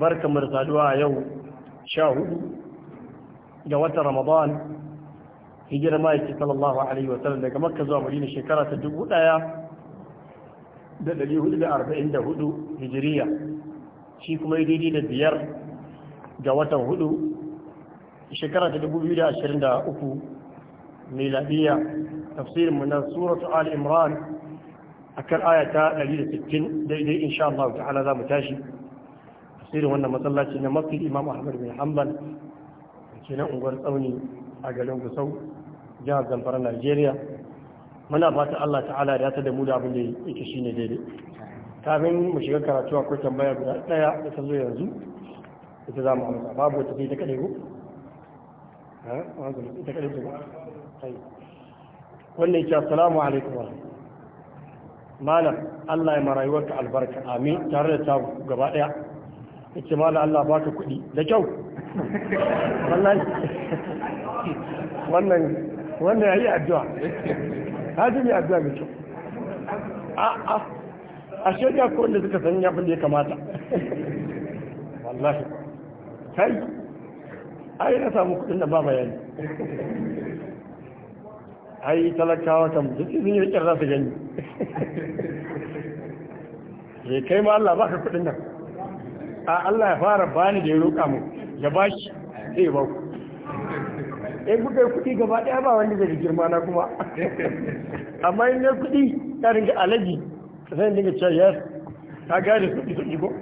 barka mu saduwa a yau sha hudu ga watan ramadan hijira ma'aiki sallallahu alaihi wasallam daga makka zuwa madina shekara ta dubu daya da dari hudu da arba'in da hudu hijiriya shi kuma yi daidai da biyar ga watan hudu shekara ta dubu biyu da ashirin da uku miladiya tafsirin mu na suratu al imran akan aya ta 160 daidai insha Allah ta'ala za mu tashi tafsirin wannan matsalaci na mafi imam ahmad bin hanbal nan unguwar tsauni a garin gusau jihar zamfara najeriya muna fata allah ta'ala da ta da abin da abin da yake shine daidai kafin mu shiga karatu akwai tambaya guda daya da ta zo yanzu ita za mu amsa babu wata ta kare ku wannan ke assalamu alaikum wa malam allah ya marayuwarka albarka amin tare da ta gaba daya yake ma mala Allah ba ka kuɗi da kyau wannan wannan ya yi addu'a hajji mai addu'a mai kyau a'a a shirya ko wanda suka san yabin da ya kamata wallahi kai ai na samu kuɗin da ba bayani ai talakawa kan duk izin yi rikin za gani gani kai ma Allah ba ka kuɗin nan a Allah ya fara bani da ya roƙa mu ya shi sai ya ba ku ya buɗe kuɗi gaba ɗaya ba wanda zai girma na kuma amma in ya kuɗi ta ringa alaji ta sai dinga cewa ya ta gane su su ko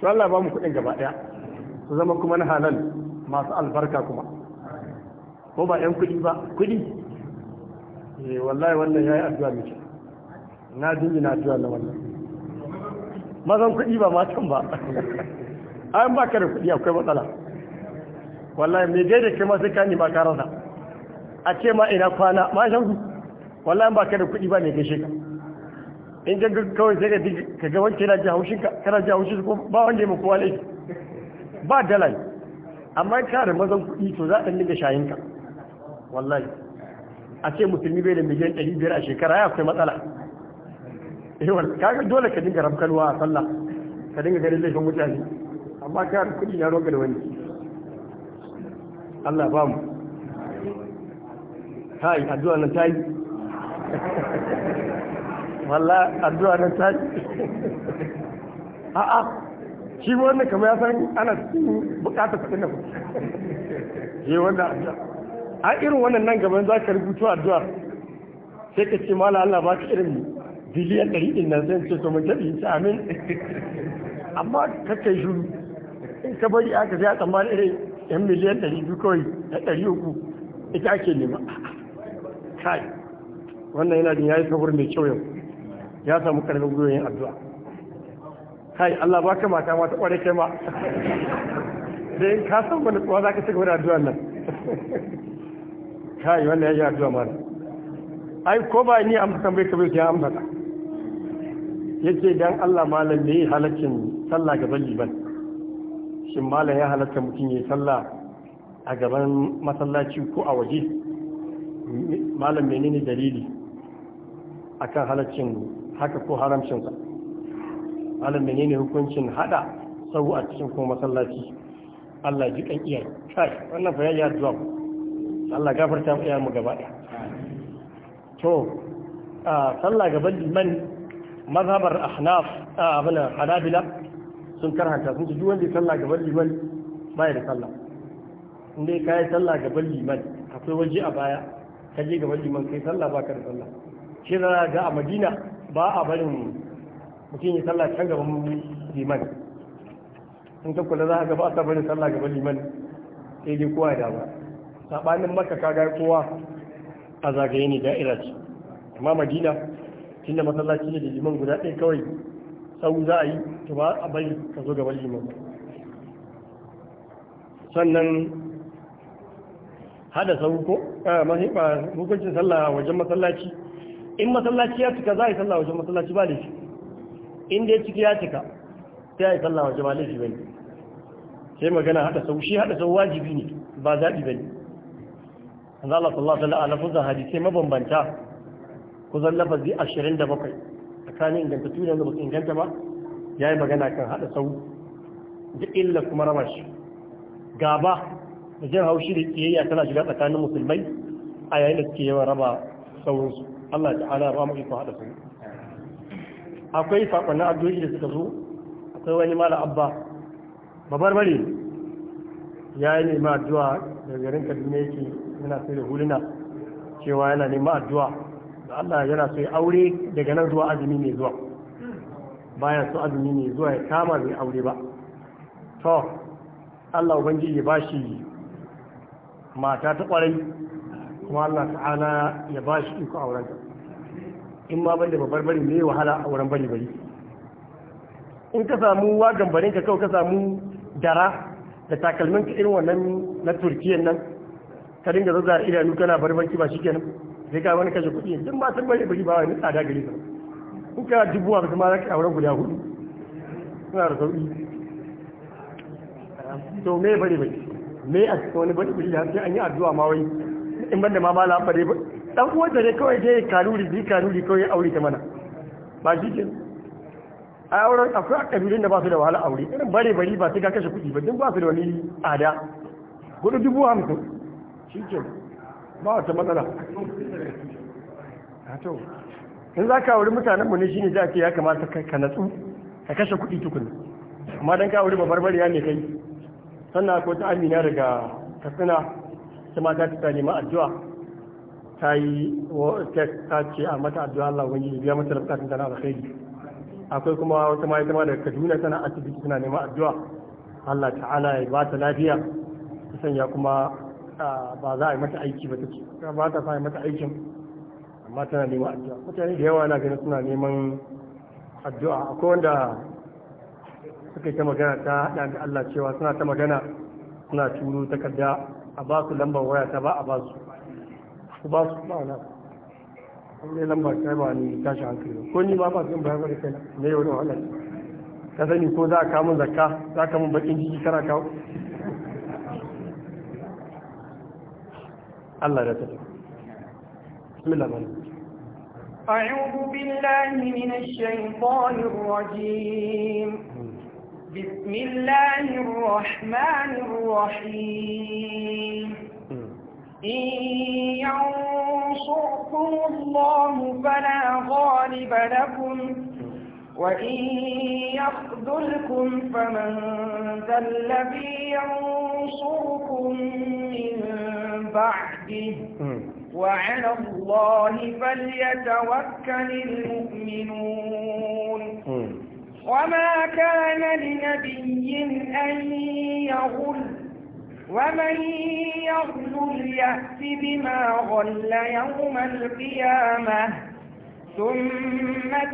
to Allah ba mu kuɗin gaba ɗaya su zama kuma na halal masu albarka kuma ko ba ɗan kuɗi ba kuɗi eh wallahi wannan yayi addu'a miki na dinga na addu'a na wannan mazan kuɗi ba matan ba an ba ka da kuɗi akwai matsala wallahi mai gai da kai ma sai ka nima ka rasa a ce ma ina kwana ma shan ku wallahi ba ka da kuɗi ba ne gaishe ka in ka ga kawai sai ka ka ga wanke na ji haushin ka kana ji haushin ko ba wanda ya kowa laifi ba dala ne amma ka da mazan kuɗi to za a dinga shayin ka wallahi a ce musulmi bai da miliyan ɗari biyar a shekara ya akwai matsala yawan eh, kaga dole ka dinga rafkalwa a sallah ka dinga ganin laifin mutane amma ka har kudi ya roga da wani Allah ba mu yi addu'a nan yi, walla addu'a nan ta yi? A'a shi wannan kama ya san ana cikin bukatar kudin nan shi eh, wannan addu'a a irin wannan nan gaban za ka rubuto addu'a sai ka ce mala Allah ba ka irin biliyan ɗari ɗin nan zan ce to mai jabi ta amin amma kakai shuru in ka bari aka zai a tsammanin irin yan miliyan ɗari biyu kawai na ɗari uku ita ake nema kai wannan yana jin ya yi sabuwar mai kyau yau ya samu karfin yin addu'a kai Allah ba ka mata mata ƙware kai ma da in ka san wani kuwa za ka ci gaba da nan kai wannan ya yi addu'a mara ai ko ba ni amsa tambayi ka bai ta amsa ta yace dan Allah malam ne halaccin sallah gaban liban shin malam ya halatta mutum ya sallah a gaban masallaci ko a waje malam menene dalili akan halaccin haka ko haramcin haramcinsa malam menene hukuncin hada sau a cikin kuma masallaci Allah ji kan iya kai wannan fa yayi addu'a Allah gafarta mu iya mu gaba ɗaya to a sallah gaban liman mazhabar ahnaf a abin hanabila sun karhanta sun ji wanda ya sallah gaban liman ba ya da sallah in dai ka yi sallah gaban liman akwai waje a baya ka je gaban liman kai sallah ba ka da sallah shi da ga a madina ba a barin mutum ya sallah can gaban liman in ka kula za a gaba a barin sallah gaban liman sai dai kowa da ba sabanin maka ka ga kowa a zagaye ne da'irar. amma madina tunda masallaci ne da liman guda ɗaya kawai sau za a yi to ba a bari ka zo gaban liman sannan hada sau ko mahiɓa hukuncin sallah wajen masallaci in masallaci ya cika za a yi sallah wajen masallaci ba laifi in da ya ciki ya cika sai yi sallah wajen ba laifi bane sai magana hada sau shi hada sau wajibi ne ba zaɓi bane Allah sallallahu alaihi wa sallam a lafuzan hadisai mabambanta kusan lafazi 27 tsakanin ingantattu da ba su inganta ba ya yi magana kan haɗa sau da illa kuma raba shi gaba da jin haushi da kiyayya tana shiga tsakanin musulmai a yayin da suke yawan raba sauransu Allah ta'ala ba mu iko haɗa sau akwai sakonnin addu'o'i da suka zo akwai wani mala abba babar ya yi nema addu'a da garin kaduna yake yana sai da huluna cewa yana nema addu'a da Allah yana so ya aure daga nan zuwa azumi mai zuwa bayan so azumi mai zuwa ya kama mai aure ba to Allah ubangiji ya bashi mata ta kwarai kuma Allah ta'ala ya bashi iko auren ta in ma banda babbar bari mai wahala auren bari bari in ka samu wagan barin ka kawai ka samu dara da takalmin ka irin wannan na turkiyan nan ka dinga zazzara idanu kana barbanki ba shikenan sai ka wani kashe kuɗi duk matan bari bari ba wani tsada gari su in ka dubu a kuma zaka auren guda hudu suna da sauƙi to me bari bari me a cikin wani bari bari da sai an yi addu'a ma wai in banda ma mala ba. dan uwan da ne kawai dai kanuri bi kanuri kawai aure ta mana ba shi ke a auren akwai kabilun da ba su da wahala aure irin bare bari ba sai ka kashe kuɗi ba duk ba su da wani tsada gudu dubu hamsin shi ke ba wata matsala in za ka wuri mutanenmu ne shi ne za ce ya kamata ka natsu ka kashe kuɗi tukun amma don ka wuri babbar bariya ne kai sannan ko ta amina daga katsina ta mata ta nema addu'a ta yi ta ce a mata addu'a Allah wani biya mata da bukatun tana alkhairi akwai kuma wata ma ita ma daga Kaduna tana asibiti tana nema addu'a Allah ta'ala ya ba ta lafiya ta sanya kuma ba za a yi mata aiki ba ta ce, ba ta sa mata aikin amma tana neman addu'a mutane da yawa na gani suna neman addu'a akwai wanda suka yi ta magana ta haɗa da Allah cewa suna ta magana suna turu takarda a ba su lambar waya ta ba a ba su ku ba su ba na an ne lambar ta ba ni tashi hankali ko ni ba ba su yin bayan wani kai na yau da wahala ka sani ko za a kamun zakka za ka mun bakin jiki kana kawo الله Allah بسم الله الرحمن الرحيم أعوذ بالله من الشيطان الرجيم بسم الله الرحمن الرحيم إن ينصركم الله فلا غالب لكم وإن يخذلكم فمن ذا الذي ينصركم من بعده وعلى الله فليتوكل المؤمنون وما كان لنبي أن يغل ومن يغل يأت بما غل يوم القيامة ثم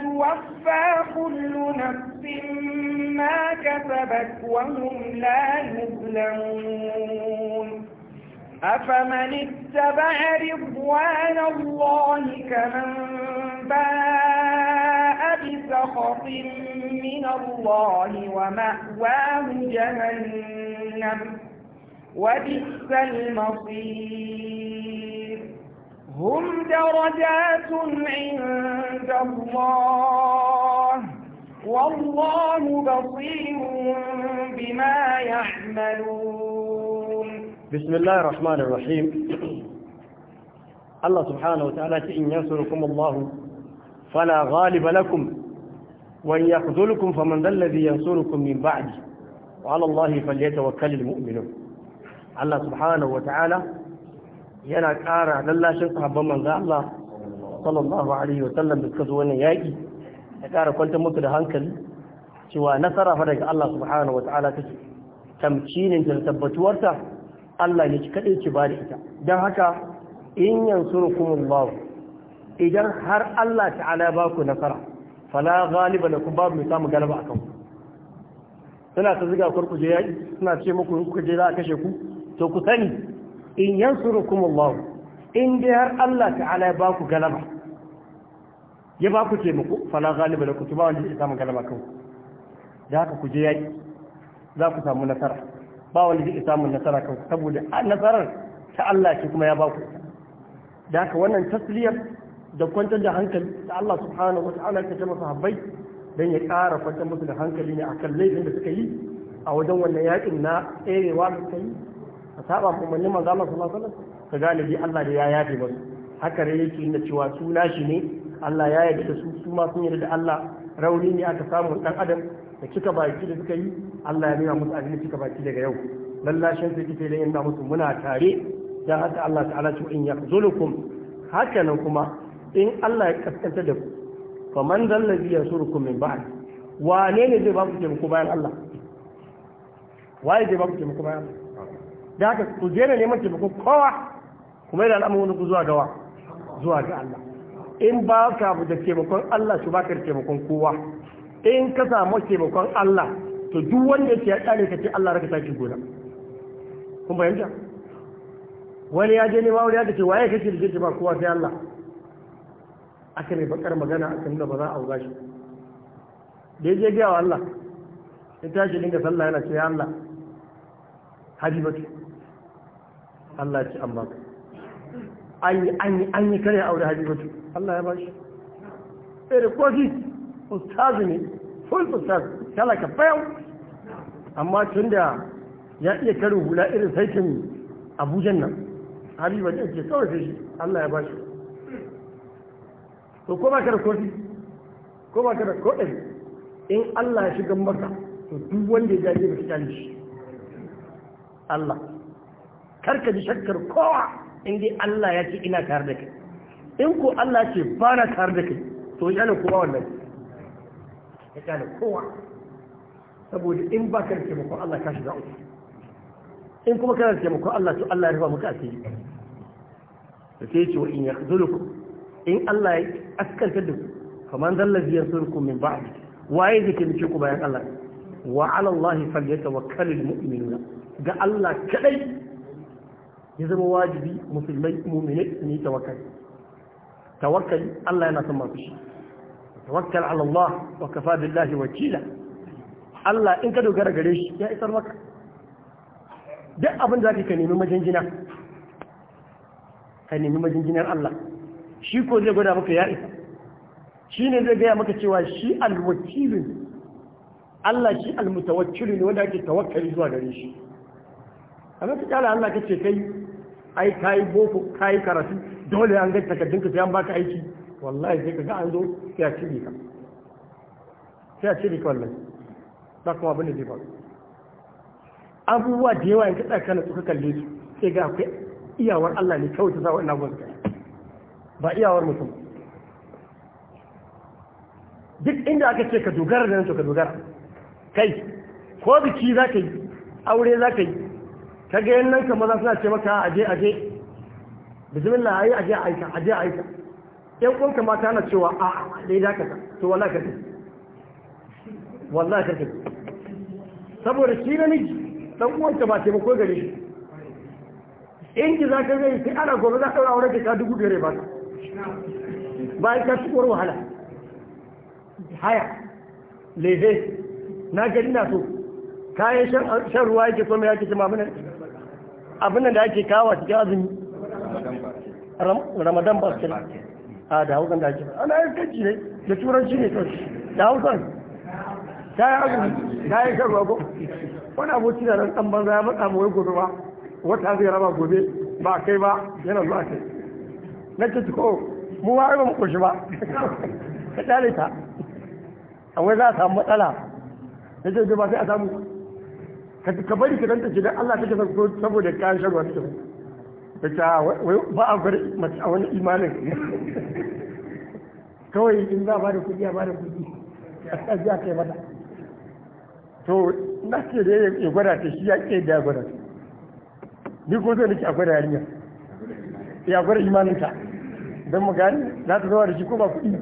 توفى كل نفس ما كسبت وهم لا يظلمون أفمن اتبع رضوان الله كمن باء بسخط من الله ومأواه جهنم وبئس المصير هم درجات عند الله والله بصير بما يعملون بسم الله الرحمن الرحيم الله سبحانه وتعالى إن ينصركم الله فلا غالب لكم وإن يخذلكم فمن ذا الذي ينصركم من بعد وعلى الله فليتوكل المؤمنون الله سبحانه وتعالى yana ƙara lallashin sahabban manzo Allah sallallahu alaihi wa sallam da suka zo wannan yaki ya ƙara kwantar musu da hankali cewa nasara fa daga Allah subhanahu wa ta'ala take tamkinin da tabbatuwarta Allah ne kaɗai ki ba da ita don haka in rukunin bawa idan har Allah ala ba ku nasara fala da ku babu mai samu galaba kan ku suna ta ziga kurku je yaƙi suna ce muku kuka je za a kashe ku to ku sani in rukunin bawa in dai har Allah ala ba ku galaba ya ba ku taimako fala ghaliba lakum ba wanda ya samu galaba kan ku da haka ku je yaƙi za ku samu nasara ba wanda zai samun nasara kan saboda nasarar ta Allah ce kuma ya ba ku da haka wannan tasliyar da kwantar da hankali da Allah subhanahu wata'ala ta ta masa habbai dan ya ƙara kwantar musu da hankali ne akan laifin da suka yi a wajen wannan yakin na tserewa da suka yi a saba umarnin manzo Allah sallallahu alaihi wasallam ka gane bi Allah da ya yafe musu haka ne yake na cewa su nashi ne Allah ya yarda da su su ma sun yarda da Allah rauni ne aka samu dan adam da cika baki da suka yi Allah ya nuna musu ajiyar cika baki daga yau lallashin su kike da yana musu muna tare dan haka Allah ta'ala ce in yakzulukum haka nan kuma in Allah ya kaskanta da ku man zallazi yasurukum min ba'd wane ne zai ba ku taimako bayan Allah waye zai ba ku taimako bayan Allah da haka ku je ne neman taimako kowa kuma yana al'amuran ku zuwa wa? zuwa ga Allah in ba ka da taimakon Allah su ka da taimakon kowa in ka samu taimakon Allah to duk wanda yake ya kare ka ce Allah raka saki gona kun bayanta wani ya je ne wani ya ce waye kake da jiki ba kowa sai Allah aka ne bakar magana a kan da ba za a aura shi da ya je gaya wa Allah ya tashi dinga sallah yana ce ya Allah habibatu Allah ya ci amma an yi an yi an yi kare aure habibatu Allah ya ba shi ɗaya da kofi ustazu ne full ustaz talaka bayan amma tun da ya iya karin hula irin saitin abujan nan habiba da ke kawai sai shi allah ya bashi to ko ba ka da kofi ko ba ka da koɗin in allah ya shiga maka to duk wanda ya gaje ba ka shi allah karka ji shakkar kowa in dai allah ya ce ina tare da kai in ko allah ce ba na tare da kai to yana kowa wannan ya kyale kowa saboda in ba ka da taimakon Allah ka shiga uku in kuma kana da taimakon Allah to Allah ya rufa muka asiri da sai ce wa in yakhzulukum in Allah ya askantar da ku faman zallazi yansurkum min ba'di waye zai taimake ku bayan Allah wa ala Allah falyatawakkalul mu'minuna ga Allah kadai ya zama wajibi musulmai mu'minai ni yi tawakkali tawakkali Allah yana son masu shi tawakkal ala wa kafa billahi wakila Allah in ka dogara gare shi ya isar maka duk abin da ka nemi majinjina ka nemi majinjinar Allah shi ko zai gwada maka ya isa shi ne zai gaya maka cewa shi alwakilin Allah shi almutawakkilin wanda ake tawakkali zuwa gare shi amma ka kala Allah kace kai ai kai boko kai karatu dole an ga takardunka sai an baka aiki wallahi sai ka ga an zo sai a cire ka sai a cire ka wallahi za kuma abin da zai faru abubuwa da yawa yanzu tsaka na suka kalle su sai ga akwai iyawar Allah ne kawai ta sa wannan abubuwan suka ba iyawar mutum duk inda aka ce ka dogara da nan to ka dogara kai ko biki za ka yi aure za ka yi ka ga yan nan kamar za suna ce maka aje aje bismillah ayi aje aika aje aika yan uwanka mata na cewa a da ya ka to wallahi ka wallahi ka saboda shi na miji, dan uwanka ba taimako gare shi in ki za ka zai sai ana gobe za ka ɗaura wurin ka dubu biyar ba bayan ka ci wahala haya lebe na gari na so kayan shan ruwa yake so mai yake ce mamunan abin da ake kawo cikin azumi ramadan ba su a da hausan da ake ana yin kanci ne da turanci ne kanci da hausan ta yi azumi ta yi kan rago wani aboki da nan ɗan banza ya matsa mawai gobe ba wata zai raba gobe ba kai ba yana zuwa kai na ce ko mu ba ba mu koshi ba ka tsare ta wai za a samu matsala na ce ba sai a samu ka bari ka danta ce don Allah take saboda kayan shan ruwa take ya ce ah, ba a gwada mace a wani imanin kawai in za ba da kuɗi a ba da kuɗi a ji a kai mata to na ce da ya gwada ta shi ya ke da gwada ni ko zai nake a gwada yarinya ya gwada imanin ta don mu gani za ta zama da shi ko ba kuɗi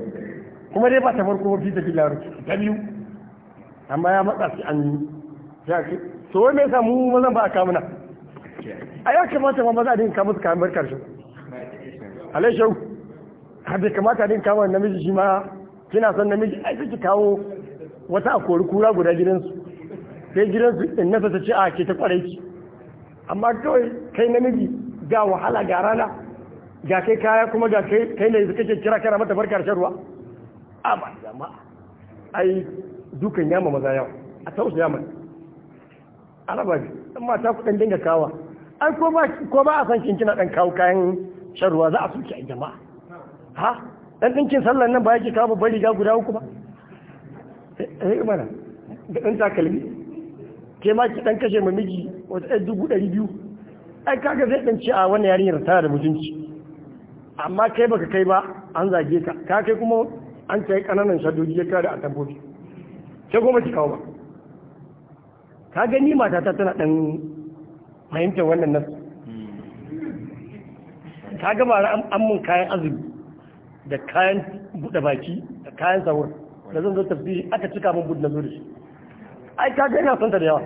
kuma dai ba ta farko ba fi tafi larabci ta biyu amma ya matsa shi an yi so wai me yasa mu mazan ba a kamuna a ya kamata ma maza a dinka musu kayan barkar su alaishau haɗe bai kamata dinka kama namiji shi ma kina son namiji a suke kawo wata a kori kura guda gidansu sai gidansu in nasa ta ce a ke ta kwarai ki amma kawai kai namiji ga wahala ga rana ga kai kaya kuma ga kai kai ne kake ce kira kana mata barkar sharwa amma jama'a ai dukan yama maza yawa a tausaya mai araba ne amma ta kudin dinga kawa ai ko ba a san kin kina dan kawo kayan sharuwa ruwa za a soke a jama'a ha dan dinkin sallar nan ba yake kawo babbar riga guda uku ba eh, eh mana da dan takalmi ke ma ki dan kashe mamiji wata ɗan dubu ɗari biyu ai kaga zai dan ce a wani yarinyar tana da mutunci amma kai baka kai ba an zage ka ka kai kuma an kai kananan shadoji ya kare a tambobi sai goma ki kawo ba ka gani mata ta tana dan fahimtar wannan nasu ta gaba an mun kayan azumi da kayan buɗe baki da kayan sahur da zan zo tafi aka cika mun buɗe na zo da shi ai ka ga ina son ta da yawa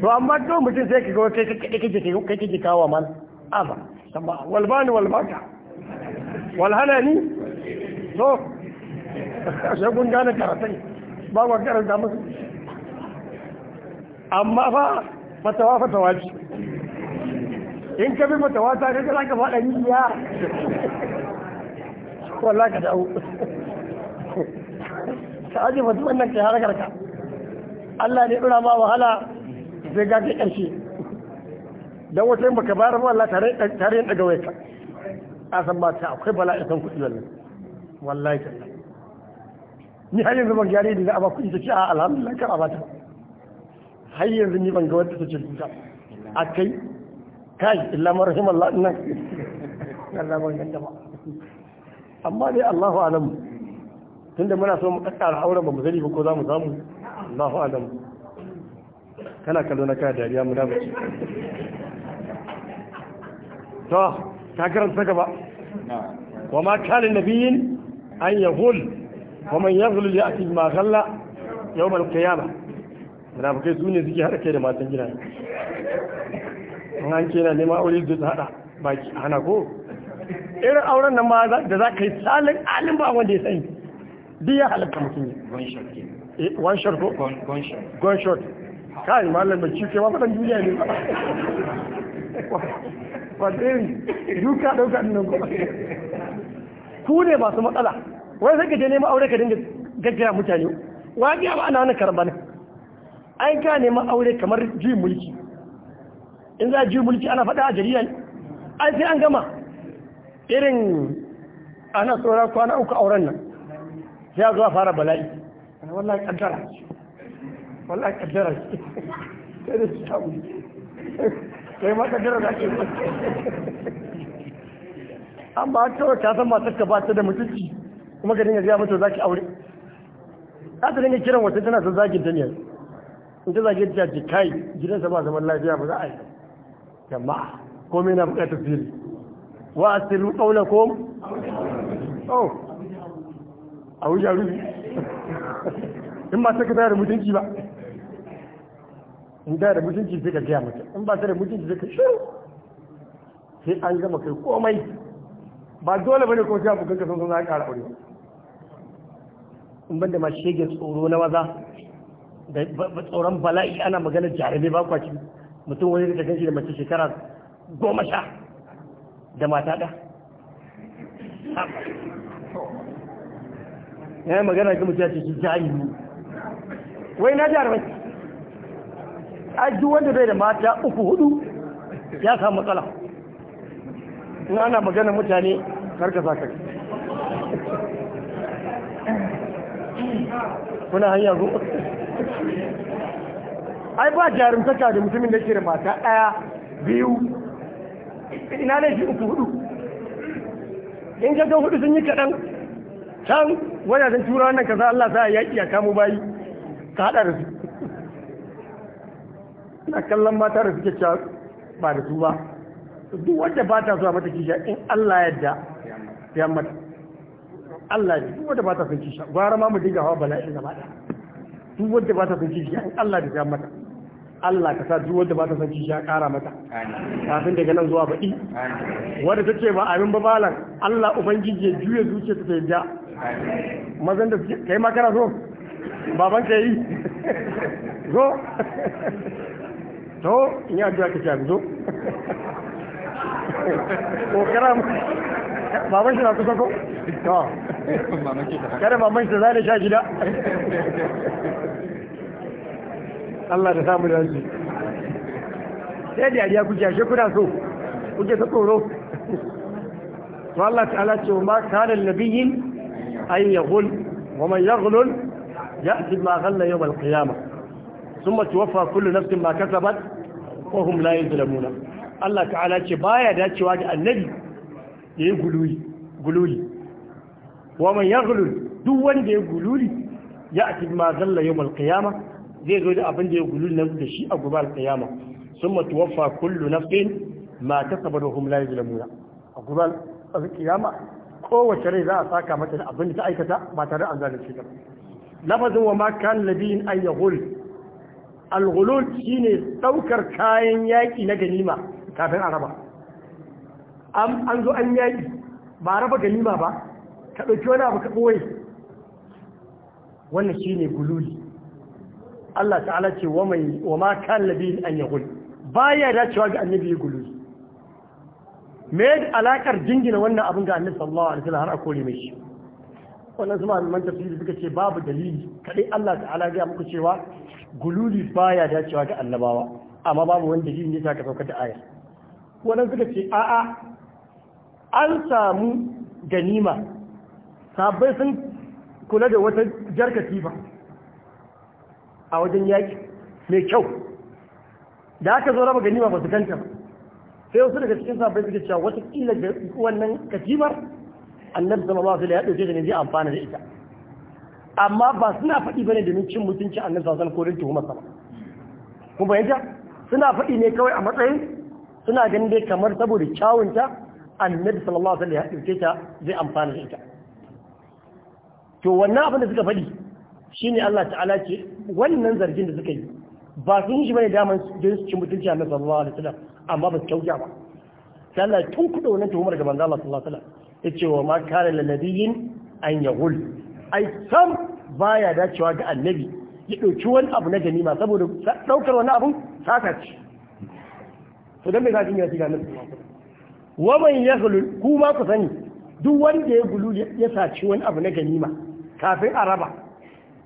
to amma don mutum sai ka ga kai kake kai kai kai kawo man aba amma walbani walbaka walhanani to sai kun gane karatun ba ku karanta musu amma fa fatawa fatawa ce in ka bi fatawa ta ka za ka faɗa rijiya wala ka da'u ka aje fatu wannan kai harkar ka Allah ne dora ma wahala zai ga kai ƙarshe dan wata baka bayar ba Allah tare tare daga ka a san ba ta akwai bala'i kan kuɗi wannan wallahi ni har yanzu ban gare da za a ba kuɗi ta ce a alhamdulillah kar a bata har yanzu ni ban ga wata ta ce duka a kai kai illa marahim Allah nan Allah ban ganta ba amma dai Allahu alamu tunda muna so mu kakkara auren ba mu sani ba ko za mu samu Allahu alamu kana kallo na kana dariya mu da bace to ka karanta gaba wa ma kana nabiyin an yahul wa man yaghlul ya'ti ma ghalla yawm al-qiyamah munafukai su ne suke haɗa kai da matan gida in an ce na neman aure da ta haɗa ki hana ko irin auren nan ma da za ka yi salin alin ba wanda ya sani duk ya halatta mutum ne eh, one shot ko one shot kai malam mai cike ma fadan duniya ne ba dai duka dauka nan ko ku ne masu matsala wai sai ka je neman aure ka dinga gaggaya mutane wajiya ba ana wani karba an ka neman aure kamar juyin mulki in za a juyin mulki ana faɗa a jarida ne an sai an gama irin ana tsora kwana uku auren nan sai a zuwa fara bala'i wallahi kaddara wallahi kaddara sai da su samu sai ma kaddara da ake an ba ta ta san matar ka ba ta da mutunci kuma ka dinga gaya mata za ki aure za ta dinga kiran wata tana zazzagin zagin inda ta a ta ce kai gidansa ba zaman lafiya ba za a yi jama'a komai na bukatar fili wa a sirru ƙauna ko oh a wuce rufi in ba ta ka tayar mutunci ba in tayar da mutunci sai ka gaya mutu in ba sai da mutunci sai ka shiru sai an gama kai komai ba dole bane ko sai abokan kasan sun za a ƙara aure in ban da ma shege tsoro na maza da tsoron bala'i ana maganar jarabe ba kwaci mutum wani da ganshi da mace shekara goma sha da mata da ya magana ga mutum ya ce shi jahili wai na jarabe a duk wanda bai da mata uku hudu ya samu matsala in ana magana mutane sa kai kuna hanya zuwa ai ba jarumtaka da mutumin da ke da mata ɗaya biyu ina ne shi uku hudu in ka ga hudu sun yi kaɗan can wajajen tura wannan kaza Allah sa yaƙi a kamo bayi ka haɗa da su na kallon mata da suke cewa ba da su ba duk wanda ba ta zuwa mata kisha in Allah yadda ya mata Allah ne duk wanda ba ta sun kisha gwara ma mu dinga hawa bala'in gaba ɗaya duk wanda ba ta sun kisha in Allah da ya mata Allah ka sa duk wanda ba ta san ya kara mata kafin daga nan zuwa baɗi wanda take ba abin ba balan Allah ubangiji ya juya zuciya ta yadda mazan da suke kai makara so baban ka yi zo to in yi addu'a ka shafi zo ko kara baban shi na kusa ko to kada baban shi zai da sha gida Allah da samu da shi sai da yariya kuke ashe kuna so kuke ta tsoro to Allah ta'ala ce ma kana nabiyyin an yaghul wa man yaghlul ya'ti ma ghalla yawm al-qiyamah thumma tuwaffa kullu nafsin ma kasabat wa hum la yuzlamuna Allah ta'ala ce baya dacewa da annabi yayi guluyi guluyi wa man yaghlul duk wanda ya gululi ya'ti ma ghalla yawm al-qiyamah zai zo da abin da ya gulu nan da shi a gubar kayama sun matuwafa kullu na fin ma ta saba da hum ya yuzlamuna a gobar kiyama kowace rai za a saka mata abin da ta aikata ba tare an shi ta lafazin wa ma kan nabiyin an yahul alghulul shine saukar kayan yaƙi na ganima kafin a raba. an zo an yaƙi, ba raba ganima ba ka ɗauki wani abu ka ɓoye wannan shi ne gululi Allah ta'ala ce wa mai wa ma kan labi an yahul baya dacewa ga annabi ya gulu me alakar jingina wannan abin ga annabi sallallahu alaihi wasallam har a kore mai shi wannan su malaman tafsiri suka ce babu dalili Kaɗai Allah ta'ala ga muku cewa gululi baya dacewa ga annabawa amma babu wanda dalili ne saka sauka da aya wannan suka ce a'a an samu ganima sabai sun kula da wata jarkatifa a wajen yaƙi mai kyau da aka zo raba ganima ba su ganta ba sai wasu daga cikin sabbin suke cewa wata kila da wannan katimar annabi ba su da ya ɗauke da ne zai amfana da ita amma ba suna faɗi bane domin cin mutunci annabi sallallahu alaihi ko don tuhumar sama kuma yanta suna faɗi ne kawai a matsayin suna ganin dai kamar saboda kyawunta annabi sallallahu alaihi wasallam ya dauke ta zai amfana da ita to wannan abin da suka faɗi Shi ne Allah ta'ala ce wannan zargin da suka yi ba sun shi bane daman don su ci mutunci annabi sallallahu alaihi wasallam amma ba su kyauta ba sai Allah tun kuɗa wannan tuhumar ga manzo Allah sallallahu alaihi wasallam yace wa ma kana lil nabiyyin an yahul ai sam baya dacewa ga annabi ya dauki wani abu na ganima saboda daukar wani abu saka ce to dan me za ki yi ga annabi wa man yahlul kuma ku sani duk wanda ya gulu ya saci wani abu na ganima kafin a raba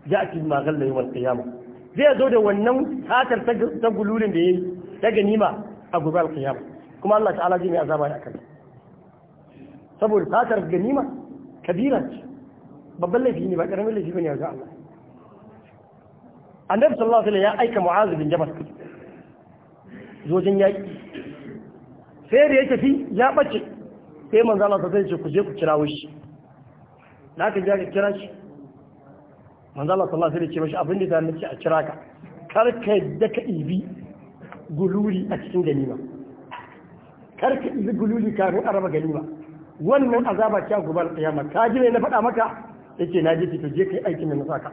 ake ma ghalla yi wani kiyama zai zo da wannan satar ta gululin da ya yi ta ganima a gobe kiyama kuma Allah ta'ala zai mai azaba ya kai saboda satar ganima kabira ce babban laifi ne ba karamin laifi ne a ga Allah annabi sallallahu alaihi wasallam ya aika mu'az bin jabal zojin yaki sai da ya tafi ya bace sai manzo Allah zai ce ku je ku kira wushi da aka je ka kira shi manzo Allah sallallahu alaihi wasallam ce mashi abin da zan ce a kira ka kar ka yadda ka ibi gululi a cikin ganima kar ka ibi gululi kafin a raba ganima wannan azaba ce a gobar kiyama ka ji ne na faɗa maka yace na ji to je kai aikin nan saka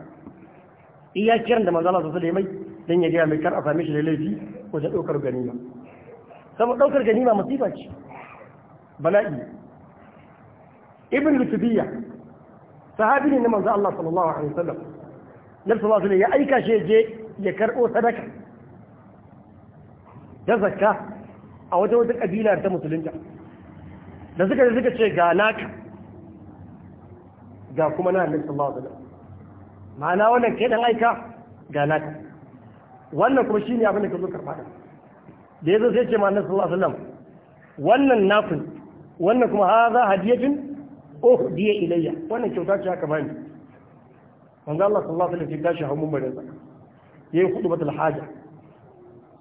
iya kiran da manzo Allah sallallahu alaihi wasallam dan ya ga mai kar a same shi da laifi wajen daukar ganima saboda daukar ganima masifa ce bala'i ibn lutubiyya sahabi ne na manzo Allah sallallahu alaihi wasallam nabi sallallahu alaihi ya aika shi je ya karbo sadaka da zakka a wata wata kabila ta musulunta da suka suka ce ga naka ga kuma na annabi sallallahu alaihi wasallam ma'ana wannan kai dan aika ga naka wannan kuma shine abin da ka zo karba da yazo sai ce ma annabi sallallahu alaihi wasallam wannan nakun wannan kuma hadiyatin oh diya ilayya wannan kyauta ce haka bani manzo Allah sallallahu alaihi wasallam ya tashi hamun barin sa yayi khutbatul haja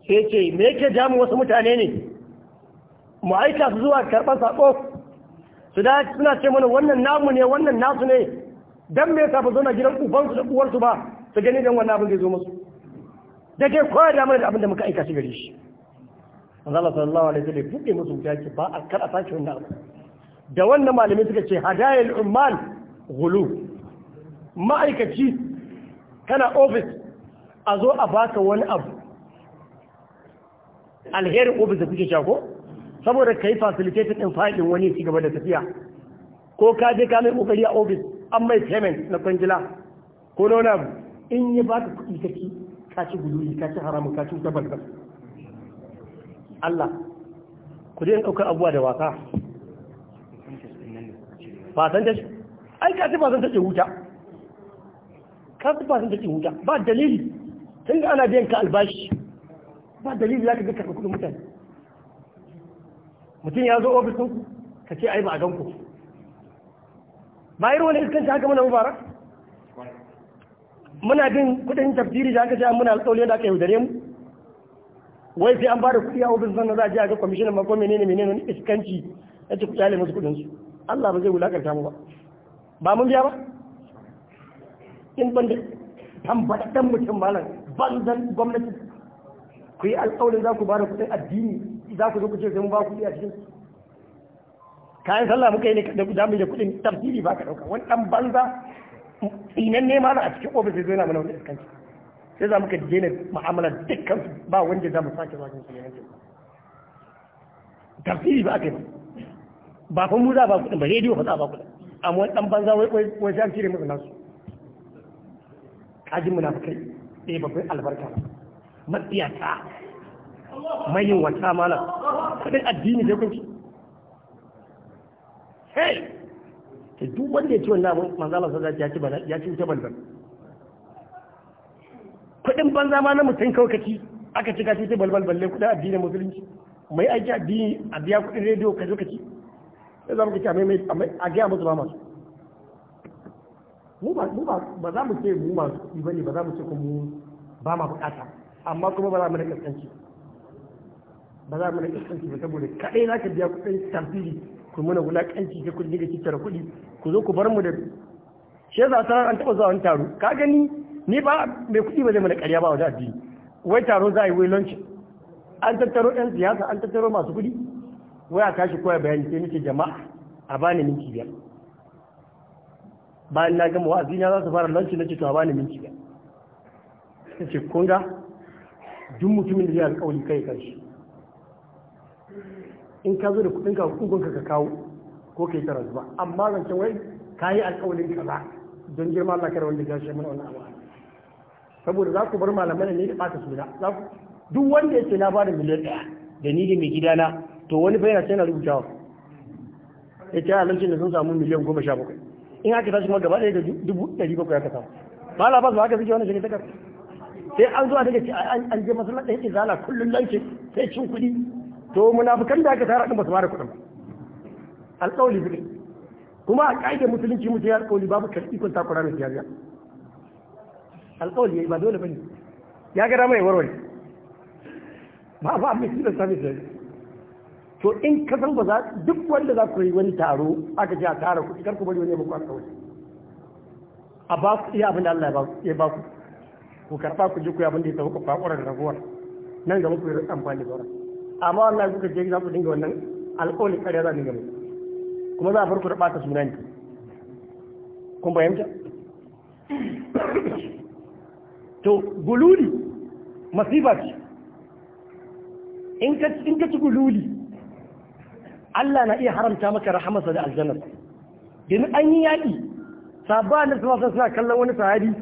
sai ce me yake jamu wasu mutane ne mu aika su zuwa karban sako su da suna ce mana wannan namu ne wannan nasu ne dan me yasa ba zo na gidan ubansu da uwarsu ba su gani dan wannan abin da zo musu da ke koyar da mana da abin da muka aika shi gare shi manzo Allah sallallahu alaihi wasallam ya buɗe musu wuta ce ba a kar a sake wannan abu da wannan malamai suka ce hadayar umar gulu ma'aikaci kana ofis a zo a baka wani abu alherin ofis da kuke shago saboda ka yi facilitated in fa'in wani ci gaba da tafiya ko ka je kamar ƙoƙari a ofis an mai payment na kwangila ko nuna in yi baka kuɗi ka ci kaci kaci kaci haramun kaci tabbatar Allah ku dai ɗaukar abuwa da wasa percentage ai ka ci percentage huta ka ci percentage huta ba dalili tun da ana biyan ka albashi ba dalili za ka ga karɓi kuɗin mutane mutum ya zo ofis ɗinku ka ce ai ba a ganku ba irin wani iskanci haka muna mubarak muna bin kuɗin tafsiri da aka ce muna alƙawari da aka yaudare mu wai sai an ba da kuɗi a ofis sannan za a je a ga kwamishinan mako menene menene iskanci ya ce ku kyale musu kuɗinsu Allah ba zai wulakanta mu ba ba mun biya ba in ban da tambatan mutum malam zan gwamnati ku yi alƙawarin za ku ba da kuɗin addini za ku zo ku ce sai mun ba kuɗi a cikin kayan sallah muka yi ne da za mu da kuɗin tafsiri ba ka ɗauka wani ɗan banza inan ne malam a cikin ofis zai zo yana mana wani iskanci sai za mu ka daina mu'amala dukkan ba wanda za mu sake zuwa cikin tafsiri ba aka yi ba ba fa mu za ba kudin ba rediyo fa za ba kudin amma wani ɗan banza wai sai an cire musu nasu kajin munafukai ɗaya eh, babban albarka mai mayin wata malam kudin addini sai kun ci hey ta duk wanda ya ci wannan abin alaihi wasallam ya ci ya ci wuta balbal kuɗin banza ma na mutum kawai aka ci ka ci balbal balle kudin addinin musulunci mai aiki addini a biya kuɗin rediyo ka zo ka ci sai za ce a gaya musu ba masu ba za mu ce mu masu yi ba za mu ce kuma ba ma bukata amma kuma ba za mu da kaskanci ba za mu na kaskanci ba saboda kaɗai za ka biya kuɗin tamfili ku muna wulaƙanci ta kun ga cikin kuɗi ku zo ku bar mu da shi yasa ta an taɓa zuwa wani taro ka gani ni ba mai kuɗi ba zai mana ƙarya ba wajen addini wai taro za a yi wai lunch an tattaro 'yan siyasa an tattaro masu kuɗi wai a tashi koya bayan sai nake jama'a a bani minti biyar bayan na gama wa'azi na za su fara lanci na to a bani minti biyar ce kunga ga duk mutumin da zai alƙawari kai kanshi in ka zo da kuɗin ka hukunka ka kawo ko kai tara zuba amma zancen wai ka yi ka kaza don girma Allah kare wanda gashi mana wannan abu saboda za ku bar malamai ne da ɓata suna duk wanda ya ce na ba da miliyan ɗaya da ni da mai gidana to wani fa yana tana rubutawa ya ce alamcin ah, da sun samu miliyan goma sha bakwai in aka tashi kuma gaba da da dubu ɗari bakwai aka samu ba la ba su haka suke wani shirin takar sai an zuwa daga an je masallaci ke zala kullum lancin sai cin kuɗi to munafukan da aka tara ɗin ba mara kuɗin ba alƙawali suke kuma a ƙa'idar musulunci mutum ya alƙawali babu karɓi kun takura mai siyariya alƙawali ya yi ba dole ba ne ya gara mai warware ba ba mai tilasta mai siyariya to in ka san ba za duk wanda za ku yi wani taro aka ji a tara kuɗi kar bari wani muku aka wuce a ba ku iya abin da Allah ya ba ku ku karɓa ku ji ku abin da ya kwa kwakwar raguwar nan gaba ku yi amfani da wannan amma wallahi kuka je za ku dinga wannan alƙawli kariya za dinga mai kuma za a farko da ɓata sunan ki kun bayanta to gululi masifa ce in ka ci gululi Allah na iya haramta maka rahamarsa da aljannar domin an yi yaƙi sabba na suna suna kallon wani sahabi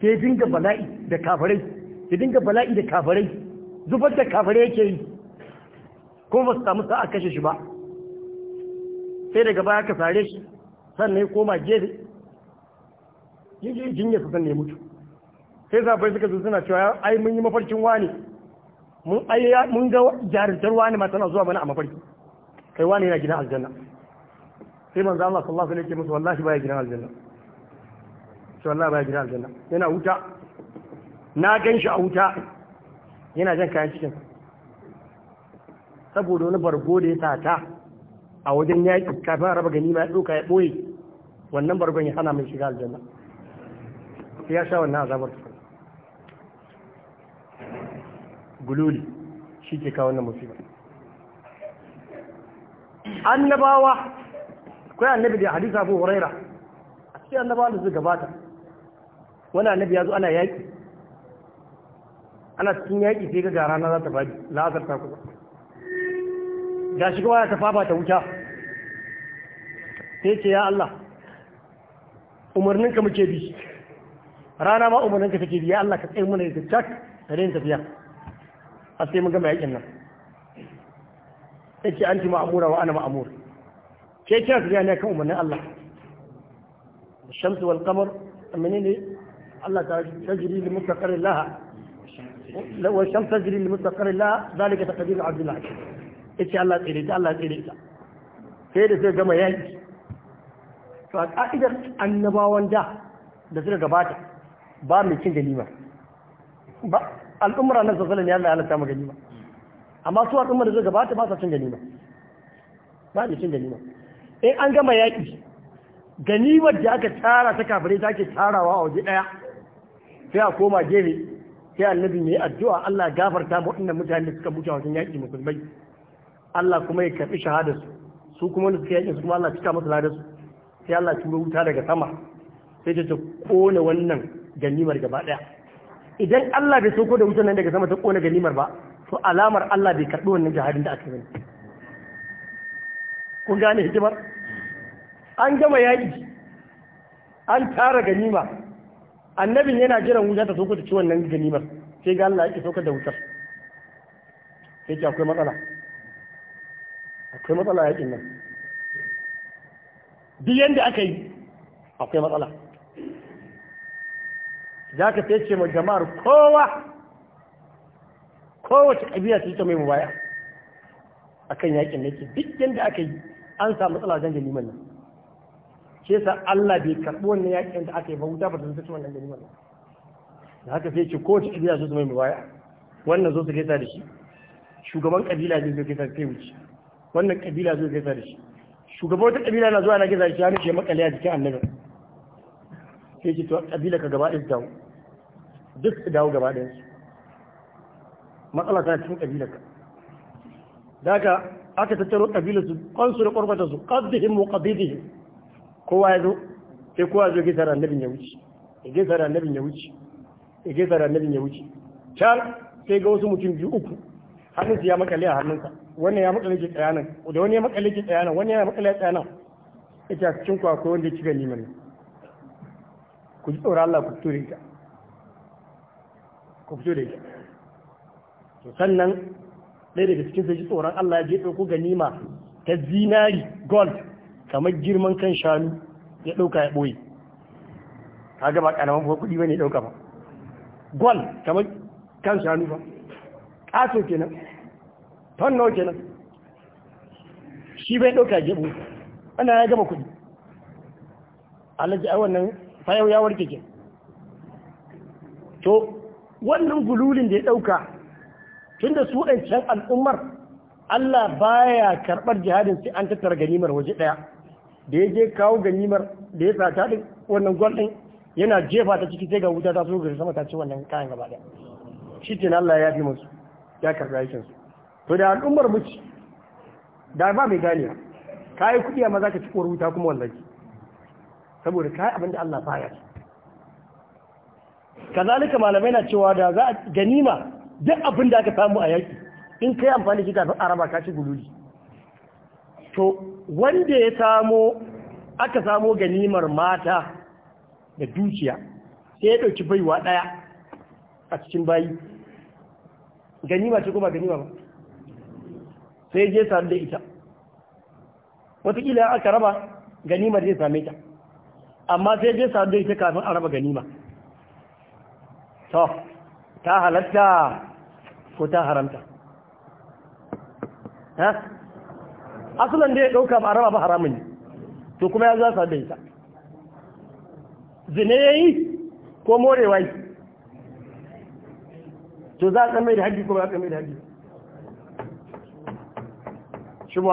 ke dinga bala'i da kafirai ke dinga bala'i da kafirai zubar da kafirai yake yi ko ba su samu sa'a kashe shi ba sai daga baya ka sare shi sannan ya koma gefe yaje jinya su sannan ya mutu sai sabai suka zo suna cewa ai mun yi mafarkin wani mun ga jarintar wani ma tana zuwa mana a mafarki kai wani yana gidan aljanna sai manzo Allah sallallahu alaihi wasallam ya ce musu wallahi baya gidan aljanna sai wallahi baya gidan aljanna yana wuta na gan shi a wuta yana jan kayan cikin saboda wani bargo da ya sata a wajen yaƙi kafin a raba ma ya ɗauka ya ɓoye wannan bargon ya hana mai shiga aljanna sai ya sha wannan azabar gululi shi ke kawo wannan musibar annabawa akwai annabi da hadisa bu huraira a cikin annabawa da su gabata wani annabi ya zo ana yaƙi ana cikin yaƙi sai ga gara na za ta faɗi la'azar ta kusa ga shi kuma ta faba ta wuta sai ce ya Allah umarninka muke bi rana ma umarninka take bi ya Allah ka tsaye mana ta cak da rin tafiya a sai mun gama yaƙin nan yace anti ma'mura wa ana ma'mur ke kira su ne kan umarnin Allah shamsu wal qamar ne Allah ta tajri li mustaqarrin laha law shams tajri li mustaqarrin laha zalika taqdir abdul hakim yace Allah tsire ta Allah tsire ta sai da sai gama yaki to a ka'idar annabawan da da suka gabata ba mai cin ganima ba al'umma nan sallallahu alaihi Allah ya halatta mu ganima amma su al'ummar da zai gabata ba sa cin ganima ba ne cin ganima in an gama yaƙi ganimar da aka tara ta kafirai ta ke tarawa a waje ɗaya sai a koma gefe sai annabi mai addu'a Allah gafarta ma waɗannan mutane da suka mutu a wajen yaƙi musulmai Allah kuma ya karɓi shahadarsu su kuma wanda suka yaƙi su kuma Allah cika musu ladarsu sai Allah tuba wuta daga sama sai ta kone wannan ganimar gaba ɗaya idan Allah bai sauko da wutar nan daga sama ta kone ganimar ba to alamar Allah bai karɓi wannan jihadin da aka yi kun gane hikimar an gama yaƙi an tara ganima annabin yana jiran wuta ta sokuta ci wannan ganimar sai ga Allah ya saukar da wutar sai ce akwai matsala akwai matsala yaƙin nan duk yadda aka yi akwai matsala za ka fece ma jama'ar kowa kowace kabila su ta mai mubaya akan yakin da yake duk yadda aka yi an samu matsala wajen jami'an nan ke sa Allah bai karɓi wannan yakin da aka yi ba wuta ba ta zuta wannan jami'an nan da haka sai ce kowace kabila su ta mai mubaya wannan zo su gaisa da shi shugaban ƙabila zai zo gaisa sai wuce wannan ƙabila zai gaisa da shi shugaban wata ƙabila na zuwa na gaisa da shi hannu shi makale a jikin annabi sai ce to ƙabila ka gaba ɗaya dawo duk su dawo gaba ɗayansu matsala ta cikin kabilar ka daga aka tattaro kabilar su kansu da qurbata su qaddihim mu qadidihim kowa ya zo sai kowa zo gaisa da ya wuce ya gaisa da ya wuce ya gaisa da ya wuce can sai ga wasu mutum biyu uku hannunsu ya makale a hannunsa wannan ya makale ke tsayanan da wani ya makale ke tsayanan wani ya makale tsayanan ita cikin ku akwai wanda ci neman ne ku ji tsoron Allah ku fito da ita ku fito da ita sannan ɗaya daga cikin sai ji tsoron Allah ya je ɗauko ganima ta zinari gold kamar girman kan shanu ya ɗauka ya ɓoye ta gaba ƙaramin kuma kuɗi bane ɗauka ba gold kamar kan shanu ba ƙato kenan ton nawa kenan shi bai ɗauka ya ɓoye ana ya gama kuɗi alhaji a wannan fayau ya warke ke to wannan gululin da ya ɗauka tunda su ɗan can al'ummar Allah baya karɓar jihadin sai an tattara ganimar waje ɗaya da ya je kawo ganimar da ya sata ɗin wannan gwal ɗin yana jefa ta ciki sai ga wuta ta so ga sama ta ci wannan kayan gaba ɗaya shi ke Allah ya fi musu ya karɓi aikinsu to da al'ummar mu ci, da ba mai gane ka yi kuɗi amma za ka ci uwar wuta kuma wallahi saboda ka yi abin da Allah baya kazalika malamai na cewa da za a ganima duk abin da aka samu a yaki in kai amfani shi kafin araba kashi ci to wanda ya samo aka samo ganimar mata da dukiya sai ya ɗauki baiwa ɗaya a cikin bayi ganima ce kuma ganima ba sai je sami da ita wataƙila aka raba ganimar zai same ta amma sai je sami da ita kafin a raba ganima to ta halatta ko ta haramta ha asalan da ya ɗauka ba haram ba haramun ne to kuma ya za su da ita zine ya yi ko morewa yi to za a ɗan mai da haji ko ba a ɗan mai da haji ba da kyau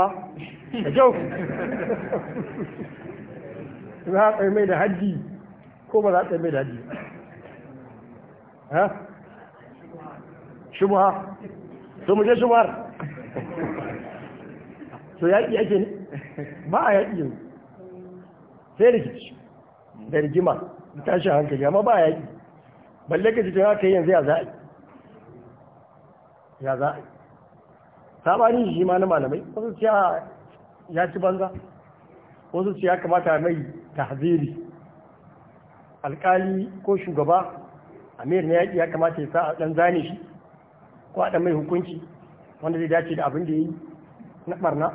za a ɗan mai da haji ko ba za a ɗan mai da haji ha shubha to mu je shubhar to yaƙi ake ne ba a yaƙi yanzu sai rikici da rigima da tashin hankali amma ba a yaƙi balle ka cikin haka yanzu ya za'a ya za'a sabanin shi ma na malamai wasu ciya ah, ya ci banza wasu ya kamata mai tahziri alkali ko shugaba amir na yaƙi ya kamata ya sa a ɗan zane shi ko a mai hukunci wanda zai dace da abin da ya yi na ɓarna